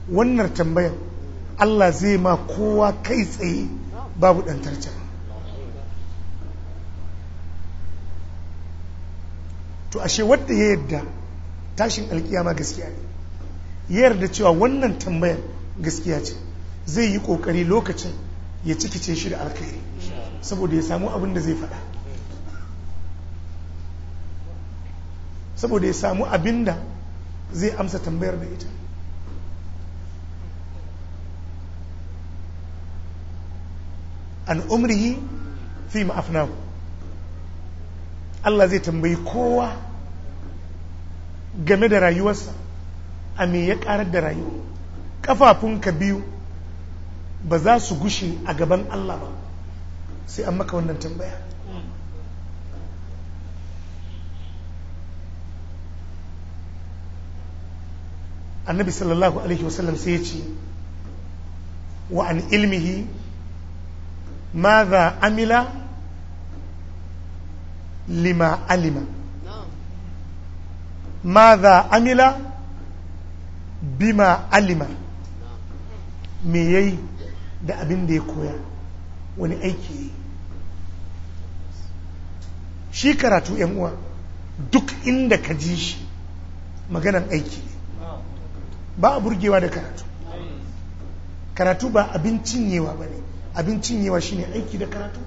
wannan tambayar Allah zai ma kowa kai tsaye babu ɗantarci to ashe wadda ya yarda tashin alkiyama gaskiya ne ya yarda cewa wannan tambayar gaskiya ce zai yi kokari lokacin ya cikice shi da alkhairi saboda ya samu abin da zai faɗa saboda ya samu abin da zai amsa tambayar da ita an umrihi fi ma'afnahu Allah zai tambayi kowa game da rayuwarsa a me ya karar da rayuwa Ƙafafunka biyu ba za su gushe a gaban Allah ba sai an maka wannan tambaya annabi sallallahu alaihi wasallam sai ya ce wa an ilmihi madha amila lima alima maza amila bima alima me yayi da abin da ya koya wani aiki yi shi karatu uwa duk inda ka ji shi maganan aiki ne ba a burgewa da karatu karatu ba abin cinyewa ba ne abin cinyewa shine aiki da karatu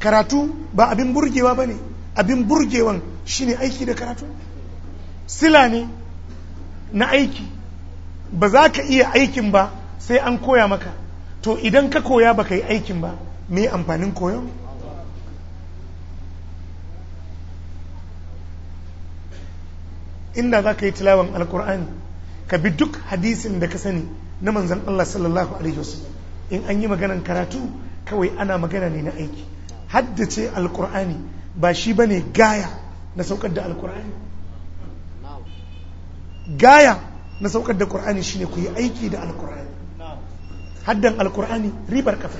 karatu ba abin burgewa ba ne abin burgewan shine aiki da karatu sila ne na aiki ba za ka iya aikin ba sai an koya maka to idan ka koya ba ka yi aikin ba me amfanin koyon inda za ka yi tilawan alkur'ani ka bi duk hadisin da ka sani na manzan Allah sallallahu alaihi wasallam in an yi maganan karatu kawai ana magana ne na aiki haddace alkur'ani ba shi bane gaya na saukar da alkur'ani gaya na saukar da qur'ani shine ku yi aiki da alkur'ani haddan alkur'ani ribar kafa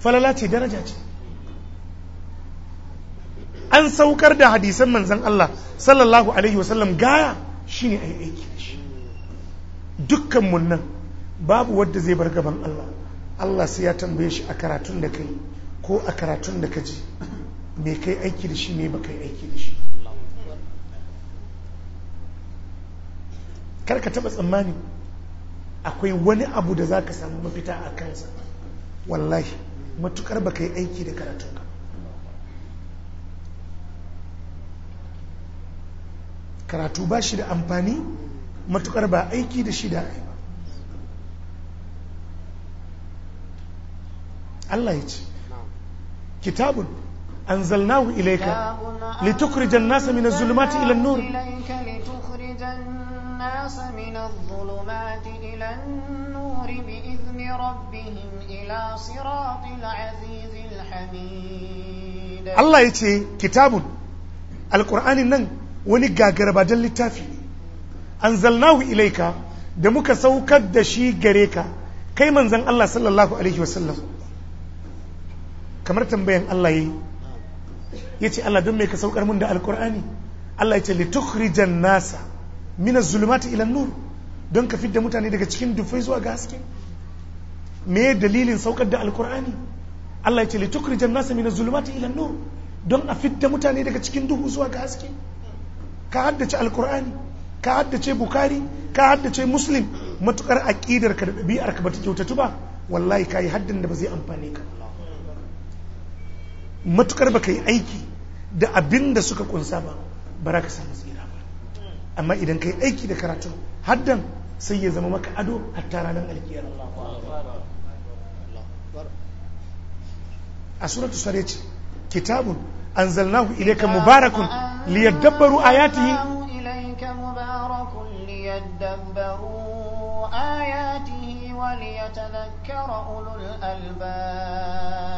falala ce daraja ce an saukar da hadisan manzan Allah sallallahu alaihi wasallam gaya shi a ayi aiki da shi dukkan munnan babu wadda zai bar gaban Allah Allah sai ya tambaye shi a karatun da kai ko a karatun da ka ji kai aiki da shi me ba kai aiki da shi kar ka taba tsammani akwai wani abu da za ka samu mafita a kansa wallahi matukar ba ka aiki da karatun karatu ba shi da amfani matukar ba aiki da shi da ba Allah ya ce kitabun anzalnahu ilayka litukrijan nasa min az-zulumati ila an-nur الناس من الظلمات إلى النور بإذن ربهم إلى صراط العزيز الحميد الله يتي كتاب القرآن wani gagarabadan littafi ne zalnahu ilaika da muka saukar da shi gare ka kai manzan Allah sallallahu alaihi wasallam kamar tambayan Allah yi ya ce Allah don mai ka saukar mun da alkur'ani Allah ya ce litukhrijan nasa mina zulumati ila nur don ka fidda mutane daga cikin dufai zuwa ga haske me dalilin saukar da alkur'ani Allah ya ce litukhrijan nasa mina zulumati ila nur don a fidda mutane daga cikin duhu zuwa ga haske ka haddace alkur'ani ka haddace bukari ka haddace muslim matukar aƙidar ka da ɗabi'ar ka bata kyautatu ba wallahi ka yi haddin da ba zai amfane ka matukar ba ka yi aiki da abin da suka kunsa ba bara ka samu tsira ba amma idan ka yi aiki da karatun haddan sai ya zama maka ado hatta ranar alkiyar a suratu sare ce kitabun anzalnahu ilayka mubarakun liyadabbaru ayatihi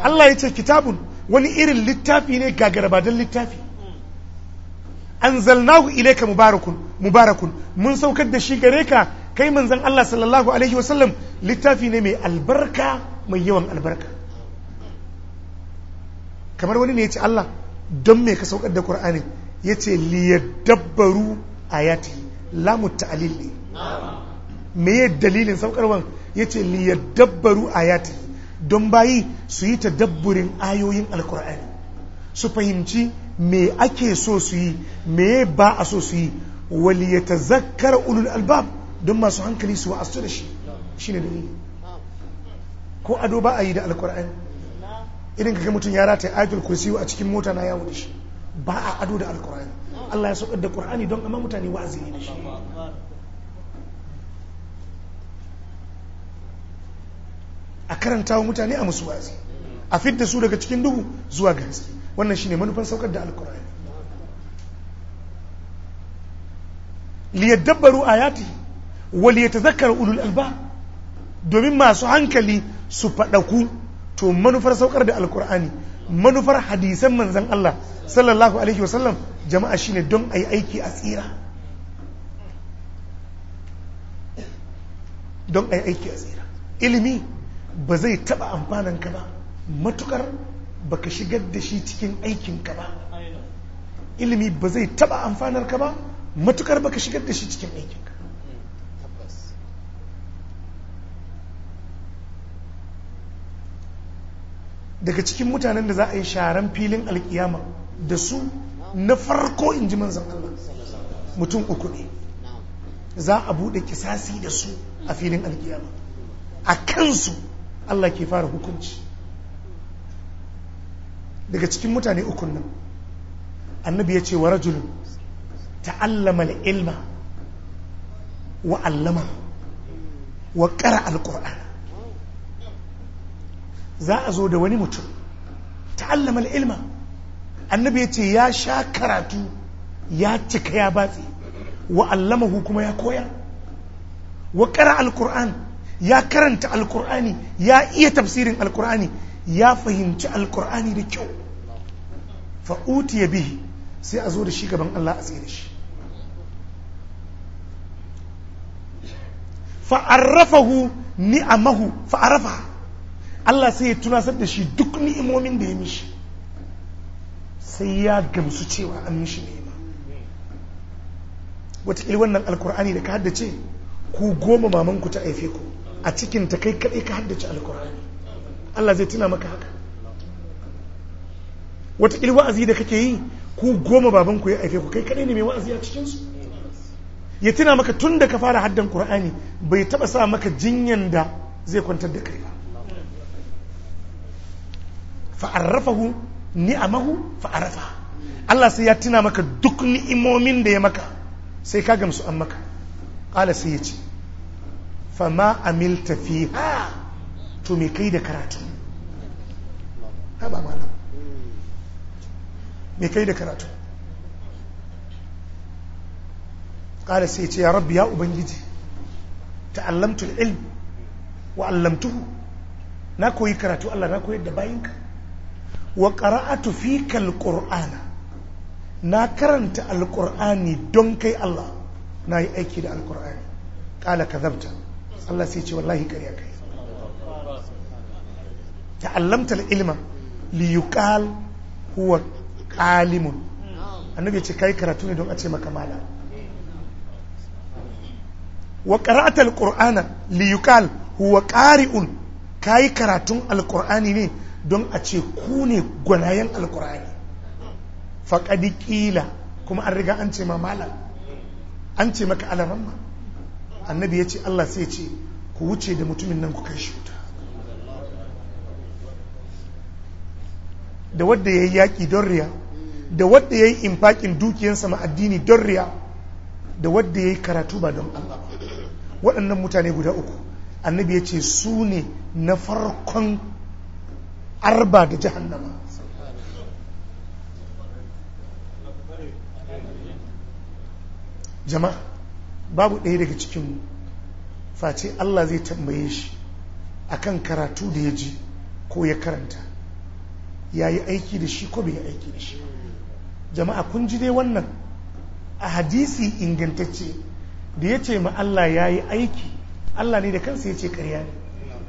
Allah yace kitabun wani irin littafi ne gagarabadan littafi anzalnahu ilayka mubarakun mubarakun mun saukar da shi gare ka kai manzon Allah sallallahu alaihi wasallam littafi ne mai albarka mai yawan albarka kamar wani ne ya ce Allah don me ka saukar da qur'ani yace liyadabbaru ayati lamu ta'alil ne me ya dalilin saukarwan yace liyadabbaru ayati don bayi su yi dabburin ayoyin alqur'ani su fahimci me ake so su yi me ba a so su yi wali ya ta zakar ulul albab don masu hankali su wa'astu da shi shine dalili ko ado ba a yi da alqur'ani irin kaga mutum ya rataye ayatul kursi a cikin mota na yawo ba a ado da alkur'ani Allah ya saukar da qur'ani don amma mutane wa'azi ne shi a karanta wa mutane a musu wa'azi a fidda su daga cikin duhu zuwa ga wannan wannan shine manufan saukar da alkur'ani liyadabbaru ayati wa zakar ulul albab domin masu hankali su fadaku to manufar saukar da alkur'ani manufar hadisan manzan Allah sallallahu alaihi wasallam jama'a shine don a yi aiki a tsira don a yi aiki a tsira ilimi ba zai taba amfanan ka ba matukar baka shigar da shi cikin aikin ka ba ilimi ba zai taba amfanar ka ba matukar baka shigar da shi cikin aikin ka daga cikin mutanen da za a yi sharan filin alkiyama da su na farko in ji manzan Allah mutum uku ne za a bude kisasi da su a filin alkiyama a kansu Allah ke fara hukunci daga cikin mutane uku nan annabi ya ce wa rajulun ta'allama ilma wa allama wa qara al za a zo da wani mutum ta'allama ilma annabi ya ce ya sha karatu ya cika ya batse wa allamahu kuma ya koya wa kara alkur'an ya karanta alkur'ani ya iya tafsirin alkur'ani ya fahimci alkur'ani da kyau fa'uti ya bihi sai a zo da shi gaban Allah a tsere shi fa'arrafahu ni'amahu fa'arrafa Allah sai ya tunasar da shi duk ni'imomin da ya mishi sai ya gamsu cewa an mishi ni'ima wataƙila wannan alkur'ani da ka haddace ku goma mamanku ta haife ku a cikin ta kai kaɗai ka haddace alkur'ani Allah zai tuna maka haka wataƙila wa'azi da kake yi ku goma babanku ya haife ku kai kaɗai ne mai wa'azi a cikinsu ya tuna maka tun da ka fara haddan kur'ani bai taɓa sa maka jinyan da zai kwantar da kai ba fa'arrafahu ni'amahu fa'arrafa Allah sai ya tuna maka duk ni'imomin da ya maka sai ka gamsu an maka ƙala sai ya ce ma amil tafi ha to me kai da karatu ha ba ma me kai da karatu ƙala sai ya ce ya rabbi ya ubangiji ta’allamtu ilm wa na koyi karatu Allah na koyar da bayinka wa qara'atu fika alqur'ana na karanta alƙur'ani don kai Allah na yi aiki da alqur'ani qala kadhabta Allah sai ce wallahi ƙarya kai ta'allamta ilma li yuqal huwa alimun annabi ce kai karatu ne don a ce maka malam wa qur'ana li yuqal huwa qari'un kai karatun alqur'ani ne don a ce ku ne gwanayen alkur'ani faƙadi ƙila kuma an riga an ce ma malam an ce maka alaramma annabi ya ce Allah sai ce ku wuce da mutumin nan ku kai shi wuta da wadda ya yi yaƙi don riya da wadda ya yi infakin dukiyansa ma addini don riya da wadda ya yi karatu ba don Allah waɗannan mutane guda uku annabi ya ce su ne na farkon arba da jahannama jama'a babu ɗaya daga cikin face Allah zai tambaye shi akan karatu da ya ji ko ya karanta ya yi aiki da shi ko bai yi aiki da shi jama'a kun ji dai wannan a hadisi ingantacce da ya ce ma Allah ya yi aiki Allah ne da kansa ya ce karya ne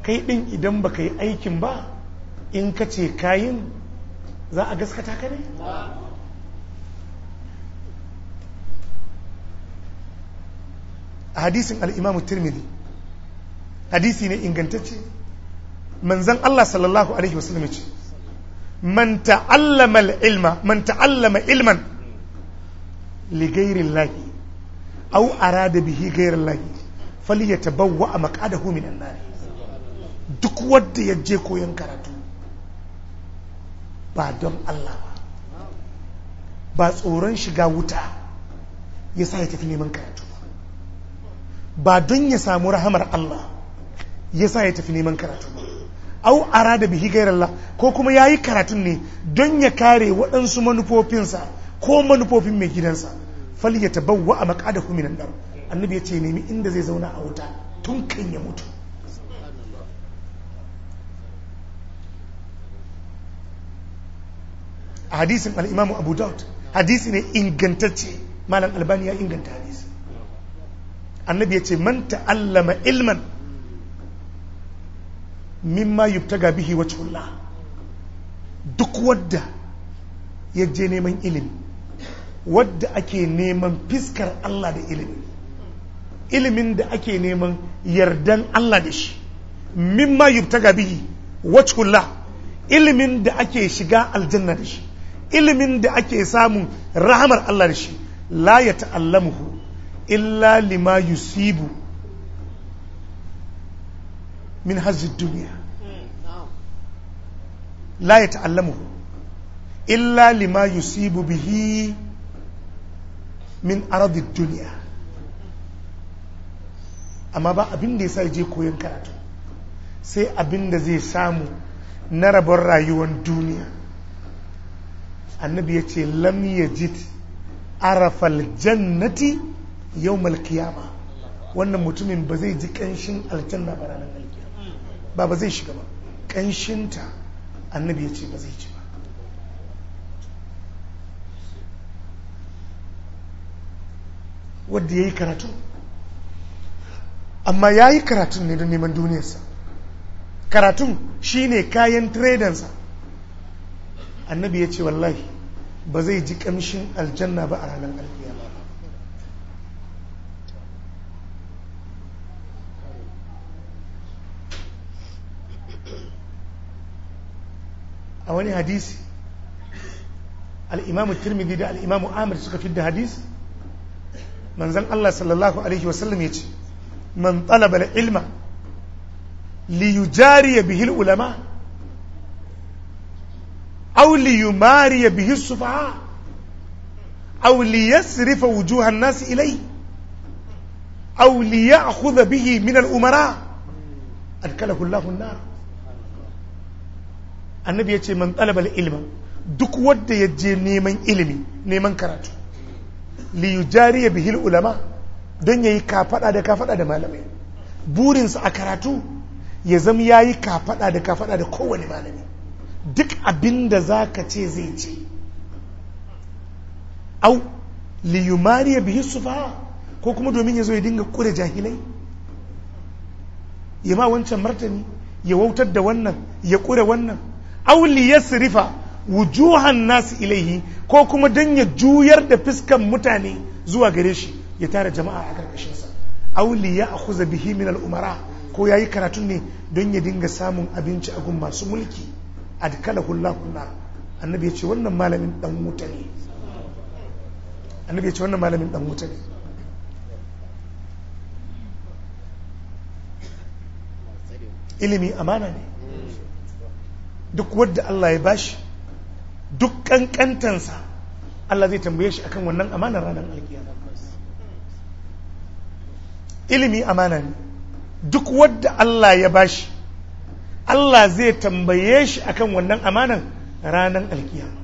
kai ɗin idan baka yi aikin ba in ka ce kayin za a gaskata ka ne a hadisin al'imamu tirmidhi hadisi ne ingantacce manzan Allah sallallahu alaihi wasallam ce man ta'allama ilma man ta'allama ilman li ghairi llahi aw arada bihi ghairi llahi falyatabawwa maq'adahu min an-nar duk wadda ya je koyon karatu ba don Allah ba ba tsoron shiga wuta ya sa ya tafi neman karatu ba don ya samu rahamar Allah ya sa ya tafi neman karatu au da bihi Allah ko kuma ya yi karatun ne don ya kare waɗansu manufofinsa ko manufofin mai gidansa fal ya tabawwa a maƙadahu minan ɗan annabi ya ce nemi inda zai zauna a wuta tun kan ya mutu a hadisin al'imamu abu daud hadisi ne ingantacce malam albani ya inganta hadisi annabi ya ce man ta'allama ilman mimma yubtaga bihi wajhullah duk wadda ya je neman ilimi wadda ake neman fiskar Allah da ilimi ilimin da ake neman yardan Allah da shi mimma yubtaga bihi wajhullah ilimin da ake shiga aljanna da shi ilimin da ake samun rahamar Allah da shi la ya ta'allamuhu illa lima yusibu min hazzi duniya la ya ta'allamuhu illa lima yusibu bihi min aradid duniya amma ba abin da ya sa je koyon karatu sai abin da zai samu na rabon rayuwar duniya annabi ya ce lam yajid arafal jannati yau malkiyama wannan mutumin ba zai ji kanshin aljanna ba ranar alkiyama ba ba zai shiga ba ta annabi ya ce ba zai ji ba wadda ya yi karatu amma ya yi karatun ne don neman duniyarsa karatun shine kayan tredansa annabi ya ce wallahi ba zai ji kamshin aljanna ba a ranar alkiyama a wani hadisi al'imamu tirmidhi da al'imamu amir suka fi da hadisi manzan Allah sallallahu alaihi wasallam ya ce man talaba ilma jari ya bihil ulama' أو ليماري به السفهاء أو ليسرف وجوه الناس إليه أو ليأخذ به من الأمراء أدخله الله النار annabi ya ce man talabal ilma duk wanda ya je neman ilimi neman karatu li yujariya bihil ulama don yayi kafada da kafada da malamai burinsa a karatu ya zama yayi kafaɗa da kafada da kowane malami duk abin da za ka ce zai ce au biyu su fa ko kuma domin ya zo ya dinga kure jahilai ya ma wancan martani ya wautar da wannan ya kure wannan au sirifa wujuhan nasu ilaihi ko kuma don ya juyar da fiskan mutane zuwa gare shi ya tara jama'a a ƙarƙashinsa au liya a bihi min al'umara ko ya yi karatun ne don ya dinga samun abinci a gun masu mulki adkalahu Allahu nar annabi ya ce wannan malamin dan wuta ne annabi ya ce wannan malamin dan wuta ne ilimi amana ne duk wadda Allah ya bashi duk kankantansa Allah zai tambaye shi akan wannan amanar ranar alkiyama ilimi amana ne duk wadda Allah ya bashi Allah zai tambaye shi akan wannan amanan ranan alkiyama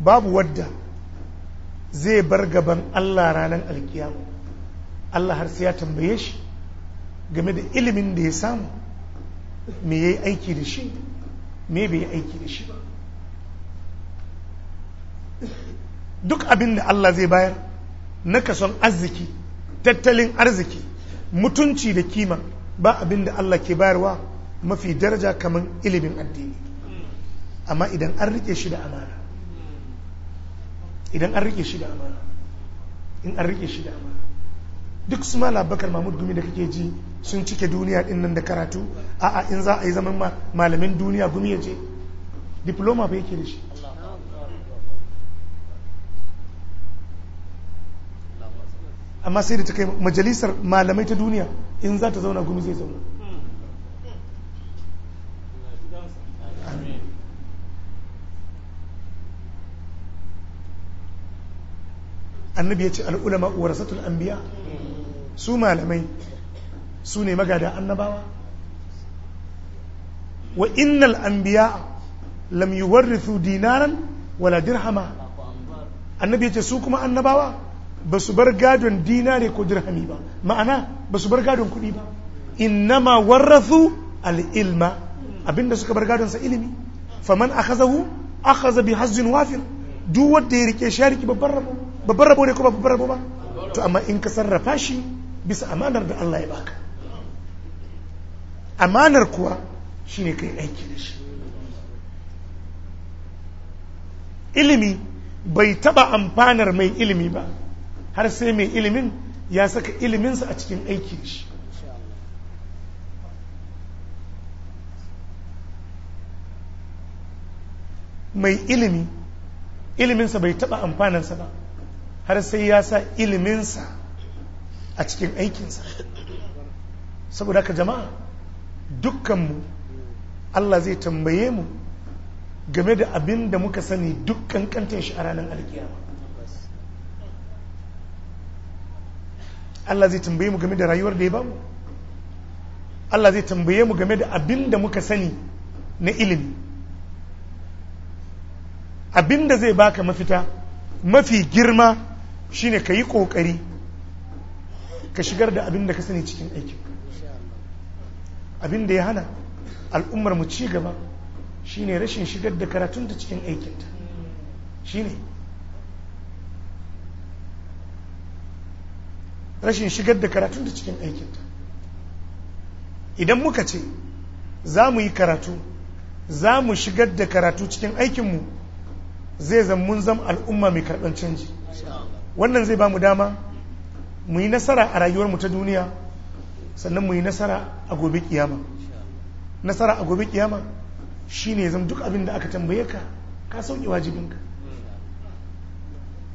babu wadda zai bar gaban Allah ranan alkiyama Allah har sai ya tambaye shi game da ilimin da ya samu me ya yi aiki da shi me bai yi aiki da shi ba duk abin da Allah zai bayar na kason arziki tattalin arziki mutunci da kima ba abin da Allah ke bayarwa mafi daraja kamar ilimin addini amma idan an rike shi da amana idan an rike shi da amana in an rike shi da amana duk su ma labakar mahmud gumi da kake ji sun cike duniya din nan da karatu a'a in za a yi zaman malamin duniya gumi ya je diploma ba yake da shi amma sai da ta kai majalisar malamai ta duniya in za ta zauna gumi zai zauna annabi ya ce al'ulama warasatul anbiya su malamai su ne magada annabawa wa innal anbiya lam yuwarrithu dinaran wala dirhama annabi ya ce su kuma annabawa ba su bar gadon dinare ko dirhami ba ma'ana ba su bar gadon kuɗi ba innama warrathu al-ilma abinda suka bar gadon sa ilimi faman akhazahu akhaza bi hazzin wafir duk wanda ya rike shi ya rike babban rabo babban rabo ne ko babban rabo ba to amma in ka sarrafa shi bisa amanar da Allah ya baka amanar kuwa shine kai aiki da shi ilimi bai taba amfanar mai ilimi ba har sai mai ilimin ya saka iliminsa a cikin aikin shi mai ilimi iliminsa bai taɓa amfaninsa ba har sai ya sa iliminsa a cikin aikinsa saboda haka jama'a dukkanmu Allah zai tambaye mu game da abin da muka sani dukkan kantin shi a ranar alkiyama Allah zai tambaye mu game da rayuwar da ya bamu Allah zai tambaye mu game da abin da muka sani na ilimi abin da zai baka mafita mafi girma shine ka yi ƙoƙari ka shigar da abin da ka sani cikin aikin abin da ya hana al'ummar mu ci gaba shine rashin shigar da karatunta cikin aikinta shine rashin shigar da karatun da cikin aikinta idan muka ce za mu yi karatu za mu shigar da karatu cikin aikinmu zai mun zam al'umma mai karɓar canji wannan zai ba mu dama mu yi nasara a rayuwarmu ta duniya sannan mu yi nasara a gobe kiyama nasara a gobe kiyama shi ne zama duk abin da aka tambaye ka ka sauƙi wajibinka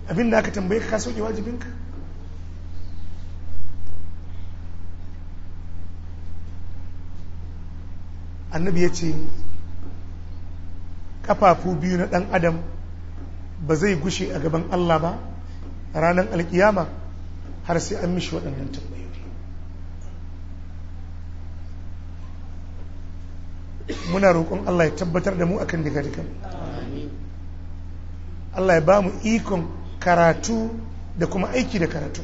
abin da aka tambaye ka ka sauƙi wajibinka annabi ya ce kafafu biyu na ɗan adam ba zai gushe a gaban Allah ba ranar alkiyama har sai an mishi waɗannan tambayoyi muna roƙon Allah ya tabbatar da mu akan diga digan Allah ya ba mu ikon karatu da kuma aiki da karatu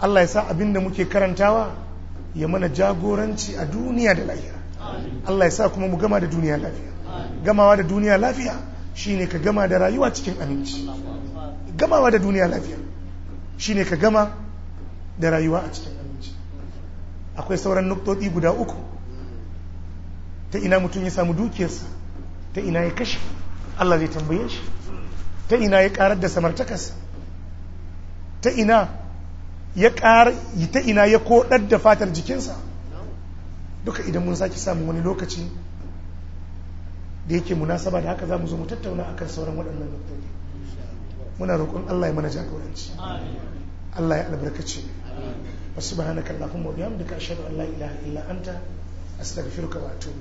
Allah ya sa abin da muke karantawa ya mana jagoranci a duniya da lahira Allah ya sa kuma mu gama da duniya lafiya gamawa da duniya lafiya shine ka gama da rayuwa cikin aminci gamawa da duniya lafiya shine ka gama da rayuwa a cikin aminci akwai sauran nuktoti guda uku ta ina mutum ya samu dukiyarsa ta ina ya kashe Allah zai tambaye shi ta ina ya karar da samartakarsa ta ina ya ta ina ya kodar da fatar jikinsa duka idan mun sake samun wani lokaci da yake munasaba da haka za mu zo mu tattauna akan sauran waɗannan nuktoki muna roƙon Allah ya mana jagoranci Allah ya albarkace wasu subhanaka kallafin wa bihamdika a an Allah ilaha illa anta astaghfiruka wa atubu